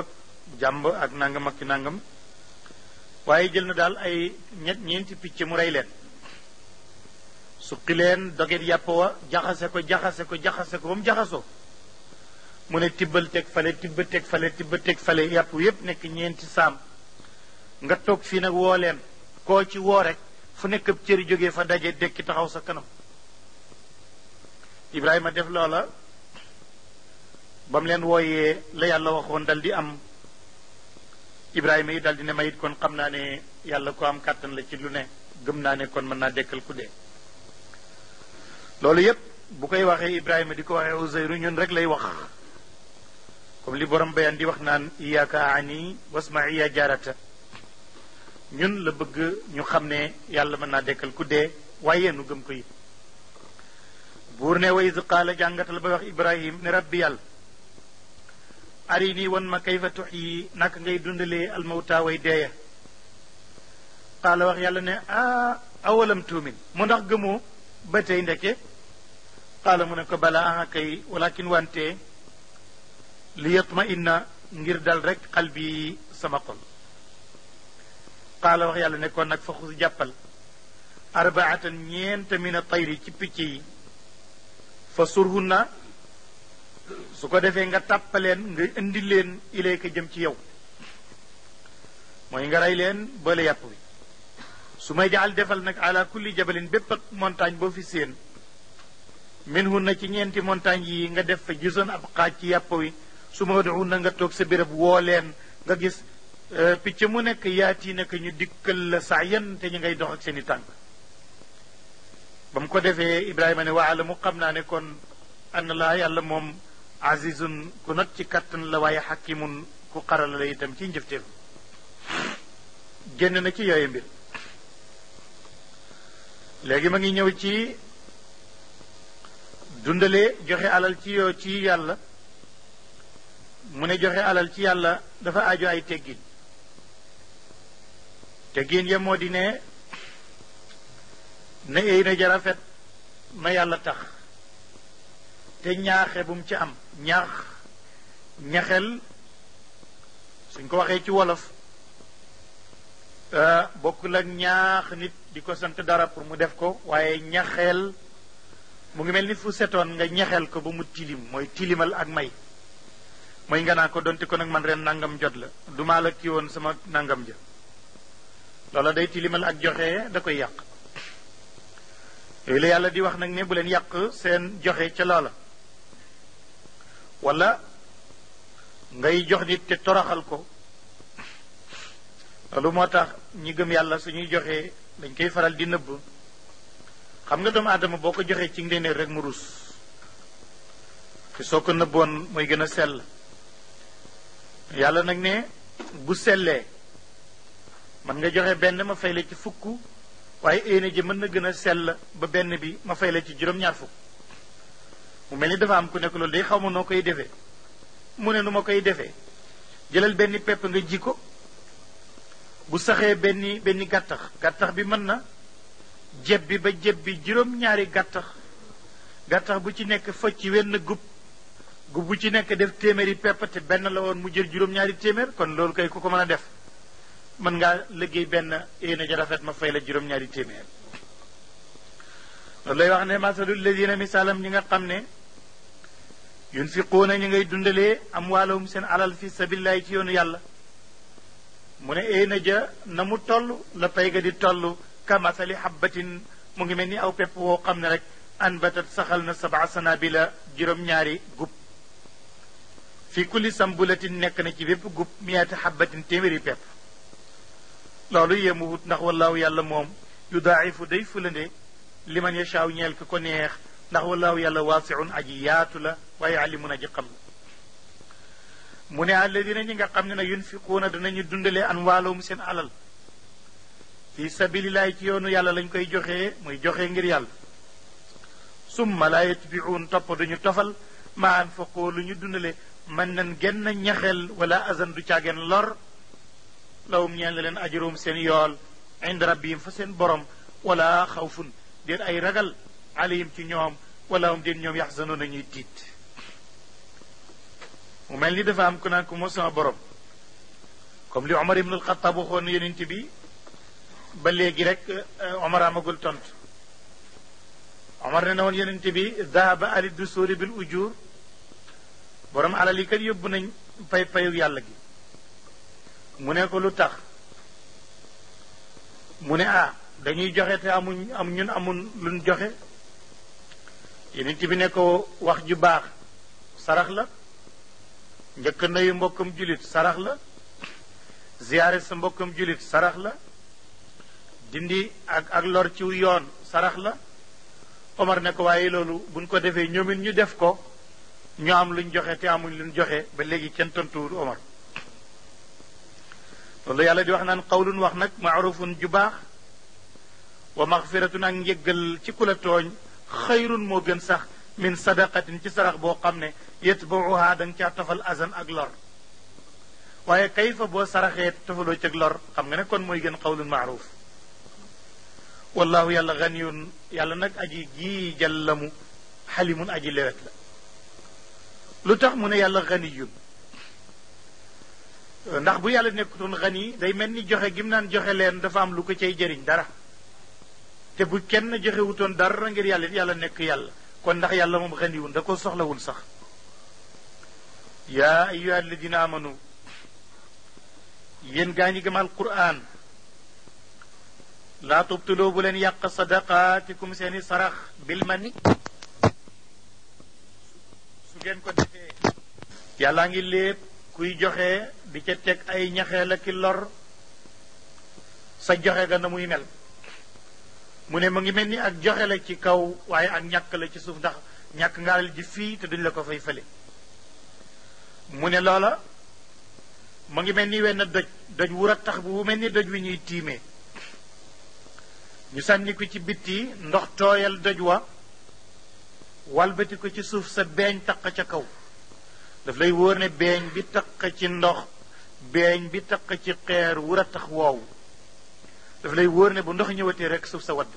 jàmb ak nangam ak nangam waaye jël na daal ay ñet ñeenti picc mu rey leen suqi leen doget yàpp wa jaxase ko jaxase ko jaxase ko ba mu jaxasoo mu ne tibbal teg fale tibba teg fale tibba teg fale yàpp yépp nekk ñeenti saam nga toog fii nag woo leen koo ci woo rek fu nekk ab jóge fa daje dekki taxaw sa kanam Ibrahima def loola ba mu leen wooyee la yàlla waxoon dal di am Ibrahima yi dal di ne mayit kon xam naa ne yàlla ko am kàttan la ci lu ne gëm naa ne kon mën naa dekkal ku dee loolu yépp bu koy waxee Ibrahima di ko waxee Uzayru ñun rek lay wax comme li borom bayaan di wax naan iyaaka ani wasma iya jaarata ñun la bëgg ñu xam ne yàlla mën naa dekkal ku dee waaye nu gëm ko yi buur ne wa iz jàngatal ba wax Ibrahim ne rabbi yàlla arini wan ma kayfa yi naka ngay dundalee almawta way deeya qaala wax yàlla ne ah awalam tuumin mu ndax gëmoo ba tey ndeke qaala mu ne ko bala aha kay walakin wante li ma inna ngir dal rek qalbi sama xol qaala wax yàlla nekkoon nag fa xus jàppal arbaatan ñeent min a tayri ci picc yi fa surhunna su ko defee nga tàppaleen nga indi leen ilayka jëm ci yow mooy nga rey leen boole yàpp wi su may jaal defal nag ala kulli jabalin bépp ak montagne boo fi séen minhunna ci ñeenti montagne yi nga def fa gisoon ab xaaj ci yàpp wi su ma doxu na nga toog sa béréb woo leen nga gis euh, picc mu nekk yaati nekk ñu dikkal la saa yan te ñu ngay dox ak seen i tànk ba mu ko defee ibrahima ne waala mu xam naa ne kon anna la yàlla moom azizun ku not ci kattan la waaye xakimun ku xarala la itam ci njëfteef génn na ci yooye mbir léegi ma ngi ñëw ci dundalee joxe alal ci yoo ci yàlla mu ne joxe alal ci yàlla dafa ajo ay teggin teggin ya moo di ne na éy na jarafet ma yàlla tax te ñaaxe bum ci am ñaax ñaxel suñ ko waxee ci wolof euh, bokkul ak ñaax nit di ko sant dara pour mu def ko waaye ñaxeel mu ngi mel ni fu setoon nga ñexel ko ba mu tilim mooy tilimal ak may mooy nga naa ko donte ko nag man ren nangam jot la du maa la sama nangam ja loola day tilimal ak joxe da koy yàq yooyu la yàlla di wax nag ne bu leen yàq seen joxe ca loola wala ngay jox nit te toraxal ko loolu moo tax ñi gëm yàlla suñuy joxe dañ koy faral di nëbb xam nga doomu aadama boo ko joxee ci ndeneen rek mu rus te soo ko nëbboon mooy gën a sell yàlla nag ne bu sellee mën nga joxe benn ma fay la ci fukk waaye éene ji mën na gën a sell ba benn bi ma fay la ci juróom-ñaar fukk mu mel ni dafa am ku nekk loolu day xaw ma noo koy defee mu ne nu ma koy defee jëlal benn pepp nga ji ko bu saxee benn benn gàttax gàttax bi mën na jebbi ba jebbi juróom-ñaari gàttax gàttax bu ci nekk focc ci wenn gub gub bu ci nekk def téeméeri pepp te benn la woon mu jël juróom-ñaari téeméer kon loolu kay ku ko mën a def mën ngaa liggéey benn yéene ja rafet ma fay la juróom-ñaari téeméer loolu lay wax ne masalul ladina misaalam ñi nga xam ne yunfiquuna ñi ngay dundalee amwaalahum seen alal fi sabilillahi ci yoonu yàlla mu ne yéene ja na mu toll la pay ga di toll kamasali habbatin mu ngi mel ni aw pepp woo xam ne rek anbatat saxal na sabaa bila juróom-ñaari gub fi kulli sambulatin nekk na ci bépp gub miyaati habbatin téeméeri pepp loolu yéemu wut ndax wallaahu yàlla moom yu daaifu day fulande liman yashaaw ñeel ki ko neex ndax wallaahu yàlla waasiun aji yaatu la waaye alimun aji xam la mu ne alladina ñi nga xam ne nag dana danañu dundalee an waalowum seen alal في سبيل الله يكيونو يالا لن كي جوخي مي جوخي نجر يال ثم لا يتبعون تبو دنيو تفل ما انفقو لنيو دنلي من نن جن نيخل ولا ازن دو چاگن لور لو ميان لن اجروم سين يول عند ربهم فسين بروم ولا خوف دير اي رغل عليهم تي نيوم ولا هم دين نيوم يحزنون نيو تيت ومن دفا ام كنان كو موسى بروم كم لي عمر ابن الخطاب خون يننتي ba léegi rek euh, Omar amagul tontu Omar ne na woon yonent bi dahaba ali dusuuri bil ujur borom alal yi kat yóbbu nañ pay payu yàlla gi mu ne ko lu tax mu ne ah dañuy joxe te amuñ am ñun amul luñ joxe yonent bi ne ko wax ju baax sarax la njëkk nayu mbokkam julit sarax la ziyaare sa mbokkam julit sarax la dindi ak ak lor ci yoon sarax la Omar ne ko waaye loolu buñ ko defee ñoomit ñu def ko ñu am luñ joxe te amuñ luñ joxe ba léegi kenn tontuwul Omar loolu yàlla di wax naan qawlun wax nag maarufun ju baax wa maxfiratun ak njëggal ci ku la tooñ xayrun moo gën sax min sadaqatin ci sarax boo xam ne yetbauha da nga caa tofal azan ak lor waaye kayfa boo saraxee tofaloo cëg lor xam nga ne kon mooy gën qawlun maaruf wallaahu yàlla ganiyun yàlla nag aji ji jàllamu xalimun aji lewet la lu tax mu ne yàlla ganiyun ndax bu yàlla nekkutoon gani day mel ni joxe gim naan joxe leen dafa am lu ko cay jëriñ dara te bu kenn joxewutoon dara ngir yàlla yàlla nekk yàlla kon ndax yàlla moom ganiyun da ko soxlawul sax yaa ayyuha alladina amanu yéen gaa ñi gëm alquran la tubtulu bu leen yàq sadaqaatikum seeni sarax bil mani su gen ko defé yalla ngi lepp kuy joxé di ca tek ay la ki lor sa joxé ga na muy mel mune mo ngi melni ak joxé la ci kaw waye ak ñak la ci suuf ndax ñak nga la ji fi te duñ la ko fay mune lola mo ngi melni doj doj wu tax bu melni doj wi ñuy timé ñu sànni ko ci bitti ndox tooyal doj wa walbati ko ci suuf sa beeñ taq ca kaw daf lay wóor ne beeñ bi taq ci ndox beeñ bi taq ci xeer wur a tax woow daf lay wóor ne bu ndox ñëwatee rek suuf sa wadd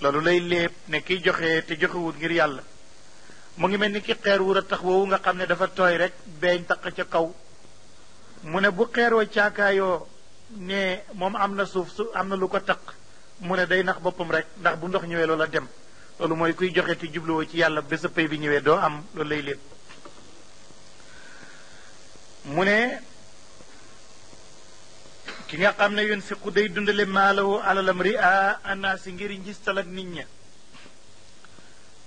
loolu lay léeb ne kiy joxe te joxewul ngir yàlla mu ngi mel ni ki xeer wur a tax woowu nga xam ne dafa tooy rek beeñ taq ca kaw mu ne bu xeer wa caakaayoo ne moom am na suuf su am na lu ko taq mu ne day nax boppam rek ndax bu ndox ñëwee loola dem loolu mooy kuy joxe ti jubluwoo ci yàlla bés a pay bi ñëwee doo am loolu lay lépp mu ne ki nga xam ne yunfiqu day dundale maalawu alalam ria annaasi ngir njistal ak nit ña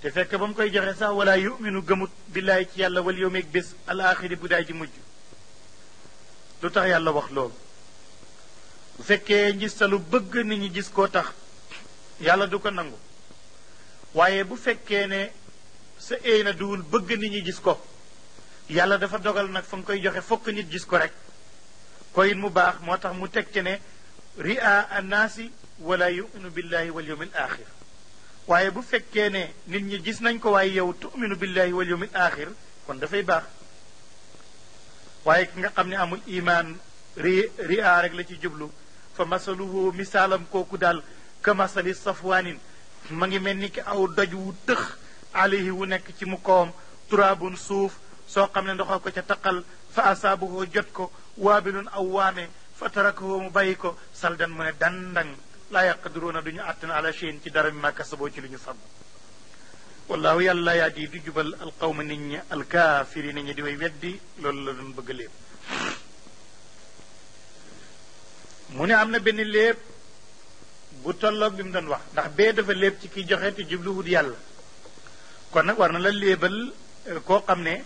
te fekk ba mu koy joxe sax wala yuminu gëmut billaay ci yàlla wal yawmeeg bés al bu daay ji mujj lu tax yàlla wax loolu bu fekkee njistalu bëgg nit ñi gis koo tax yàlla du ko nangu waaye bu fekkee ne sa eey na duwul gis ko yàlla dafa dogal nag fa koy joxe fokk nit gis ko rek koy mu baax moo tax mu teg ci ne ria annaasi wala yuminu billahi waaye bu fekkee ne nit ñi gis nañ ko waaye yow tuminu billahi wal yawmil axir kon dafay baax waaye ki nga xam ne amul imaan ri ria rek la ci jublu fa masaluhu misaalam kooku daal ka masali safwaanin ma ngi mel ni ki aw doj wu tëx alayhi wu nekk ci mu kawam turaabun suuf soo xam ne ndoxa ko ca taqal fa asaabuhu jot ko waabilun aw waame fa tarakahu mu bàyyi ko saldan mu ne dandang laa yaqdiruuna duñu àttan ala cheyin ci dara mi ma kasaboo ci lu ñu fab wallaahu yàlla yaa di du jubal alqawma nit ñi alkaafiri nit ñi di way weddi loolu la doon bëgg lépp mu ne am na benn léeb bu tolloog bi mu doon wax ndax bee dafa léeb ci ki joxe te jubluwut yàlla kon nag war na la léebal euh, koo xam ne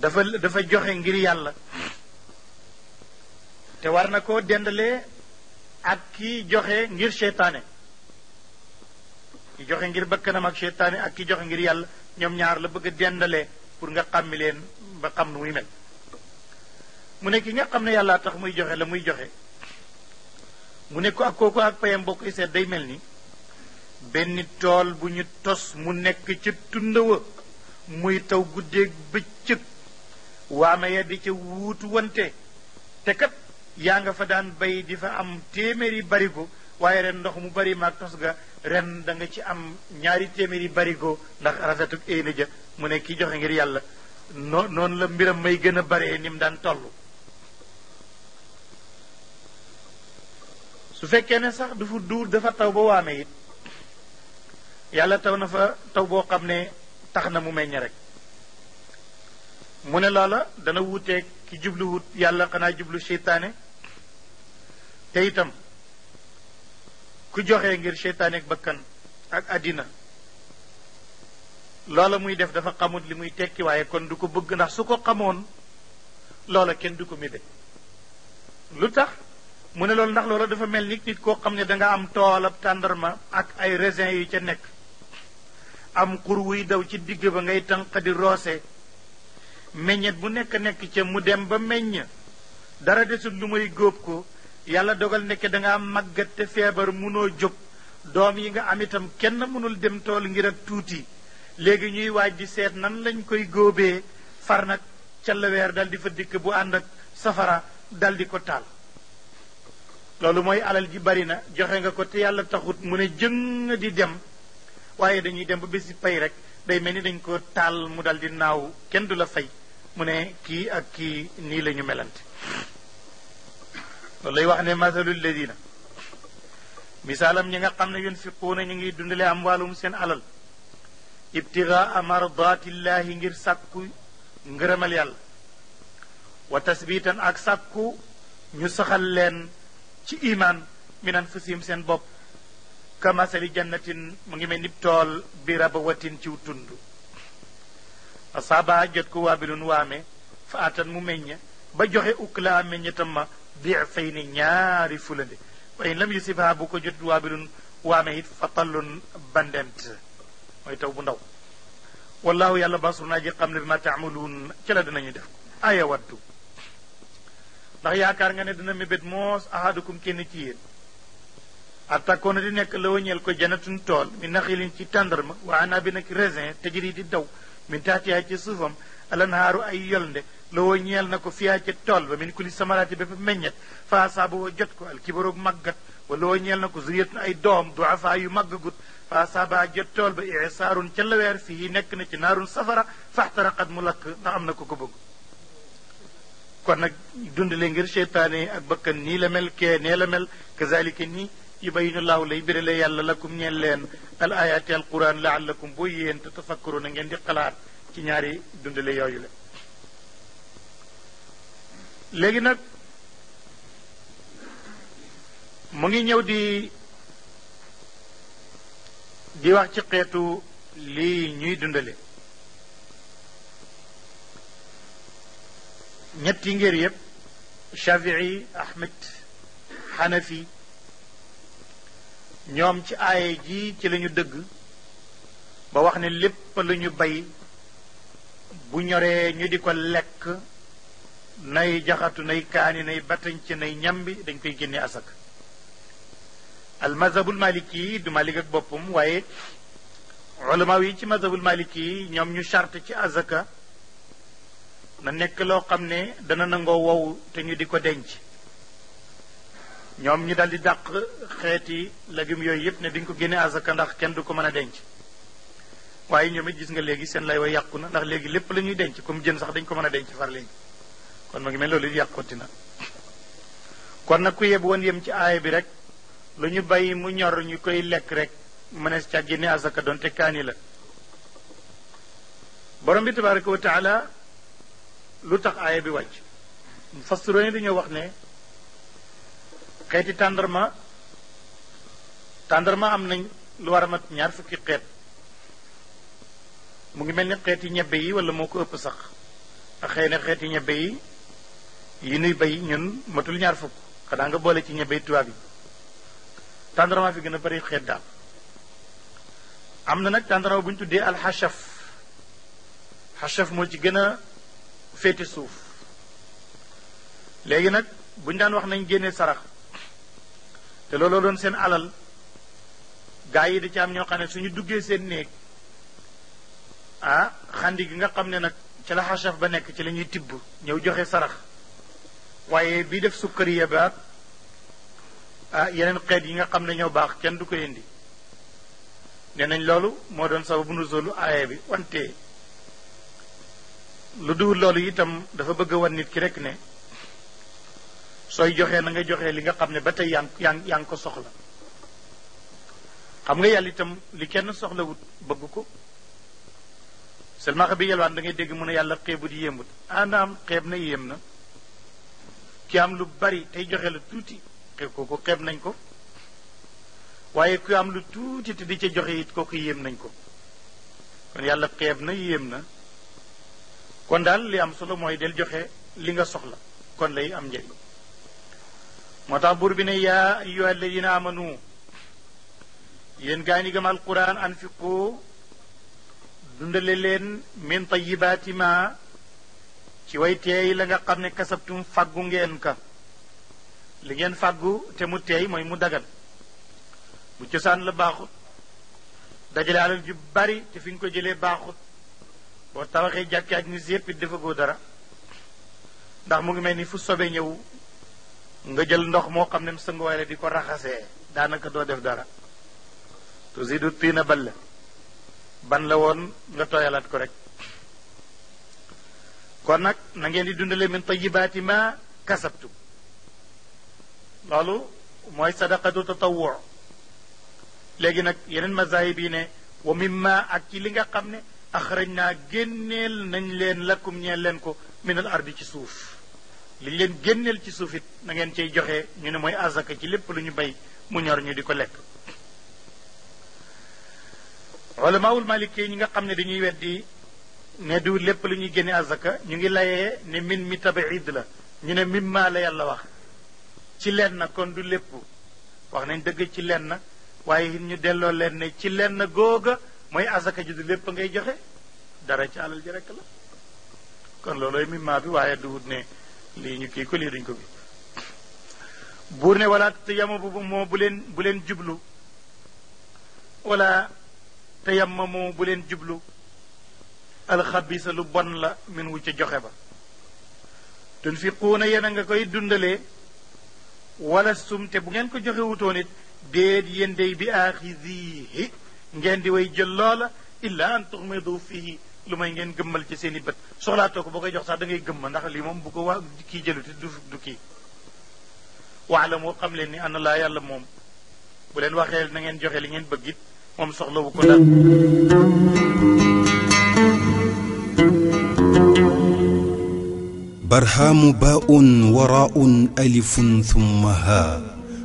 dafa dafa joxe ngir yàlla te war na koo dendale ak ki joxe ngir seytaane ki joxe ngir bakkanam ak seytaane ak ki joxe ngir yàlla ñoom ñaar la bëgg a dendale pour nga xàmmi leen ba xam nu muy mel mu ne ki nga xam ne tax muy joxe la muy joxe mu ne ko ak kooku ak payam bokk i seet day mel ni benn tool bu ñu tos mu nekk ci tundawa muy taw guddeeg bëccëg waame ya di ca wuutu wante te kat yaa nga fa daan bay di fa am téeméeri barigo waaye ren ndox mu bari maag tos ga ren da nga ci am ñaari téeméeri barigo ndax rafetuk éena ja mu ne ki joxe ngir yàlla noo noonu la mbiram may gën bare nim daan tollu su fekkee ne sax du fu duur dafa taw ba waame it yàlla taw na fa taw boo xam ne tax na mu meññ rek mu ne loola dana wuuteeg ki jubluwut yàlla xanaa jublu seytaane te itam ku joxe ngir seytaane ak bakkan ak àddina loola muy def dafa xamut li muy tekki waaye kon du ko bëgg ndax su ko xamoon loola kenn du ko mide lu tax mu ne loolu ndax loolu dafa mel ni nit koo xam ne danga am am ab tàndarma ak ay raisin yu ca nekk am xur wuy daw ci digg ba ngay tànq di roose meññet bu nekk nekk ca mu dem ba meññ dara desul lu may góob ko yàlla dogal nekk da nga màggat te feebar munoo jóg doom yi nga am itam kenn mënul dem tool ngir ak tuuti léegi ñuy waaj di seet nan lañ koy góobee far nag ca la weer dal di fa dikk bu ànd ak safara dal di ko taal loolu mooy alal ji bari na joxe nga ko te yàlla taxut mu ne di dem waaye dañuy dem ba bés si pay rek day mel ni dañ ko taal mu dal di naaw kenn du la fay mu ne kii ak kii nii la melante loolu lay wax ne masalul ladina misaalam ñi nga xam ne yunfiquuna ñu ngi dundale am wàllum seen alal ibtigaa mardatillahi ngir sàkku ngërëmal yàlla wa tasbitan ak sàkku ñu saxal leen ci imaan min anfusihim seen bopp kamasali jannatin mu ngi mel ni tool bi rabawatin ciw tund asaaba jot ko waabilun waame fa atan mu meñña ba joxe uklaa meññatam ma biir fay ni ñaari fulande waaye lam yusibha bu ko jot waabilun waame it fa tallun bandent mooy taw bu ndaw wallahu yàlla basru naa ji xam ne bi ma taamaluun ca la dinañu def aya waddu ndax yaakaar nga ne dana mébét moos ahadukum kenn ci yéen attakoona di nekk la wañeel ko janatun tool mi naxilin ci tàndarma wa anabin ak raisin tajri di daw min taxtiha ci suufam alanhaaru ay yolnde la wañeel na ko fiyaa ca tool ba min kuli samaraati bépp meññet fa asaaboo jot ko alkibaroog màggat wala wañeel na ko zuriyatun ay doom duafa yu màggagut fa asaaba jot tool ba isaarun ca laweer fii nekk na ci naarun safara faxtaraqat mu lakk ndax am na ko ko bëgg kon nag dundale ngir seytaane ak bakkan nii la mel kee nee la mel kazalika yu yubayinu laaw lay birale yàlla lakum ñeen leen al ayaati al quran laallakum boo yéen te tafakkaru na ngeen di xalaat ci ñaari dundale yooyu la léegi nag mu ngi ñëw di di wax ci xeetu lii ñuy dundale ñetti ngir yëpp shafii ahmed xanafi ñoom ci aaye ji ci lañu dëgg ba wax ne lépp lu ñu bay bu ñoree ñu di ko lekk nay jaxatu nay kaani nay batañ nay ñambi dañ koy génne asak almazhabul maliki yi du malik ak boppam waaye ulama yi ci mazhabul maliki yi ñoom ñu charte ci azaka na nekk loo xam ne dana nangoo wow te ñu di ko denc ñoom ñu daldi dàq xeeti légumes yooyu yëpp ne duñ ko génne azaka ndax kenn du ko mën a denc waaye ñoom it gis nga léegi seen lay wa yàqu na ndax léegi lépp la ñuy denc comme jën sax dañ ko mën a denc far léegi kon ma ngi mel loolu yàqooti na kon nag ku yeb woon yem ci aaya bi rek lu ñu bàyyi mu ñor ñu koy lekk rek mënees ca génne azaka doonte kaani la borom bi tabaraka taala lu tax aaya bi wàcc fasturoni dañoo wax ne xeeti tàndarma tàndarma am nañ lu war a mat ñaar fukki xeet mu ngi mel ni xeeti ñebbe yi wala moo ko ëpp sax ak xëy na xeeti ñebbe yi yi nuy bay ñun matul ñaar fukk xanaa nga boole ci ñebbe tubaab yi tàndarma fi gën a bari xeet daal am na nag tàndarma bu ñu tuddee alxachaf xachaf moo ci gën a féete suuf léegi nag buñ daan wax nañ génnee sarax te looloo doon seen alal gaa yi da ci am ñoo xam ne suñu duggee seen néeg ah xandi gi nga xam ne nag ci la xasaf ba nekk ci lañuy ñuy tibb ñëw joxe sarax waaye bii def sukkariya ba ah yeneen xeet yi nga xam ne ñoo baax kenn du ko indi nee nañ loolu moo doon sababu solu aaya bi wante lu duhul loolu itam dafa bëgg a wan nit ki rekk ne sooy joxee na nga joxee li nga xam ne ba tey yaa ngi yaa ko soxla xam nga yàlla itam li kenn soxlawut wut bëgg ko selmaxa bi yelwaan da ngay dégg mu ne yàlla xeebut yéemut anaam ah, xeeb na yéem na ki am lu bari tey joxe la tuuti xeeb kooku xeeb nañ ko waaye ku am lu tuuti te di ca joxe it kooku yéem nañ ko kon yàlla xeeb na yéem na kon daal li am solo mooy del joxe li nga soxla kon lay am njëriñ moo tax buur bi ne yaa ayyuha alladina amanu yéen gaa ñi gëm alquran anfiqu dundale leen min tayibaati ma ci way teey la nga xam ne kasabtum fàggu ngeen ka li ngeen fàggu te mu teey mooy mu dagal bu cosaan la baaxut dajale alal ju bari te fi nga ko jëlee baaxut boo tabaxee jàkki ak nit yëpp it defagoo dara ndax mu ngi mel ni fu sobe ñëw nga jël ndox moo xam ne sanguwaay la di ko raxasee daanaka doo def dara tusidu tiina bal la ban la woon nga tooyalaat ko rek kon nag na ngeen di dundale min baati ma kasabtu loolu mooy sadaqatu tatawwu léegi nag yeneen mazahib yi ne wa mimma ak ci li nga xam ne axraj naa génneel nañ leen lakkum ñeen leen ko minal ardi ci suuf liñ leen génneel ci suuf it na ngeen cay joxe ñu ne mooy azaka ci lépp lu ñu bay mu ñor ñu di ko lekk olamaawul malik ñi nga xam ne dañuy weddi ne du lépp lu ñuy génne azaka ñu ngi layee ne min mi tabaid la ñu ne mim maa la yàlla wax ci leen na kon du lépp wax nañ dëgg ci leen na waaye it ñu delloo leen ne ci leen na googa mooy asaka ju du lépp ngay joxe dara ci alal ji la kon loolooy mimma bi waaye duwut ne lii ñu kii ko lii duñ ko bi buur ne wala tayamamu moo bu leen bu leen jublu wala tayamamu bu leen jublu alxabisa bon la min wu ca joxe ba tunfiquuna yéen a nga koy dundale wala sumte bu ngeen ko joxe wutoon it déet bi aaxizihi ngeen di way jël loola illa an tuxmidu fii lu may ngeen gëmmal ci seen i bët soxlaatoo ko boo koy jox sax da ngay gëmma ndax lii moom bu ko waa kii jëluti du du kii xam leen ni ana laa yàlla moom bu leen waxee na ngeen joxe li ngeen bëgg it moom soxlawu ko daal barhamu baun waraun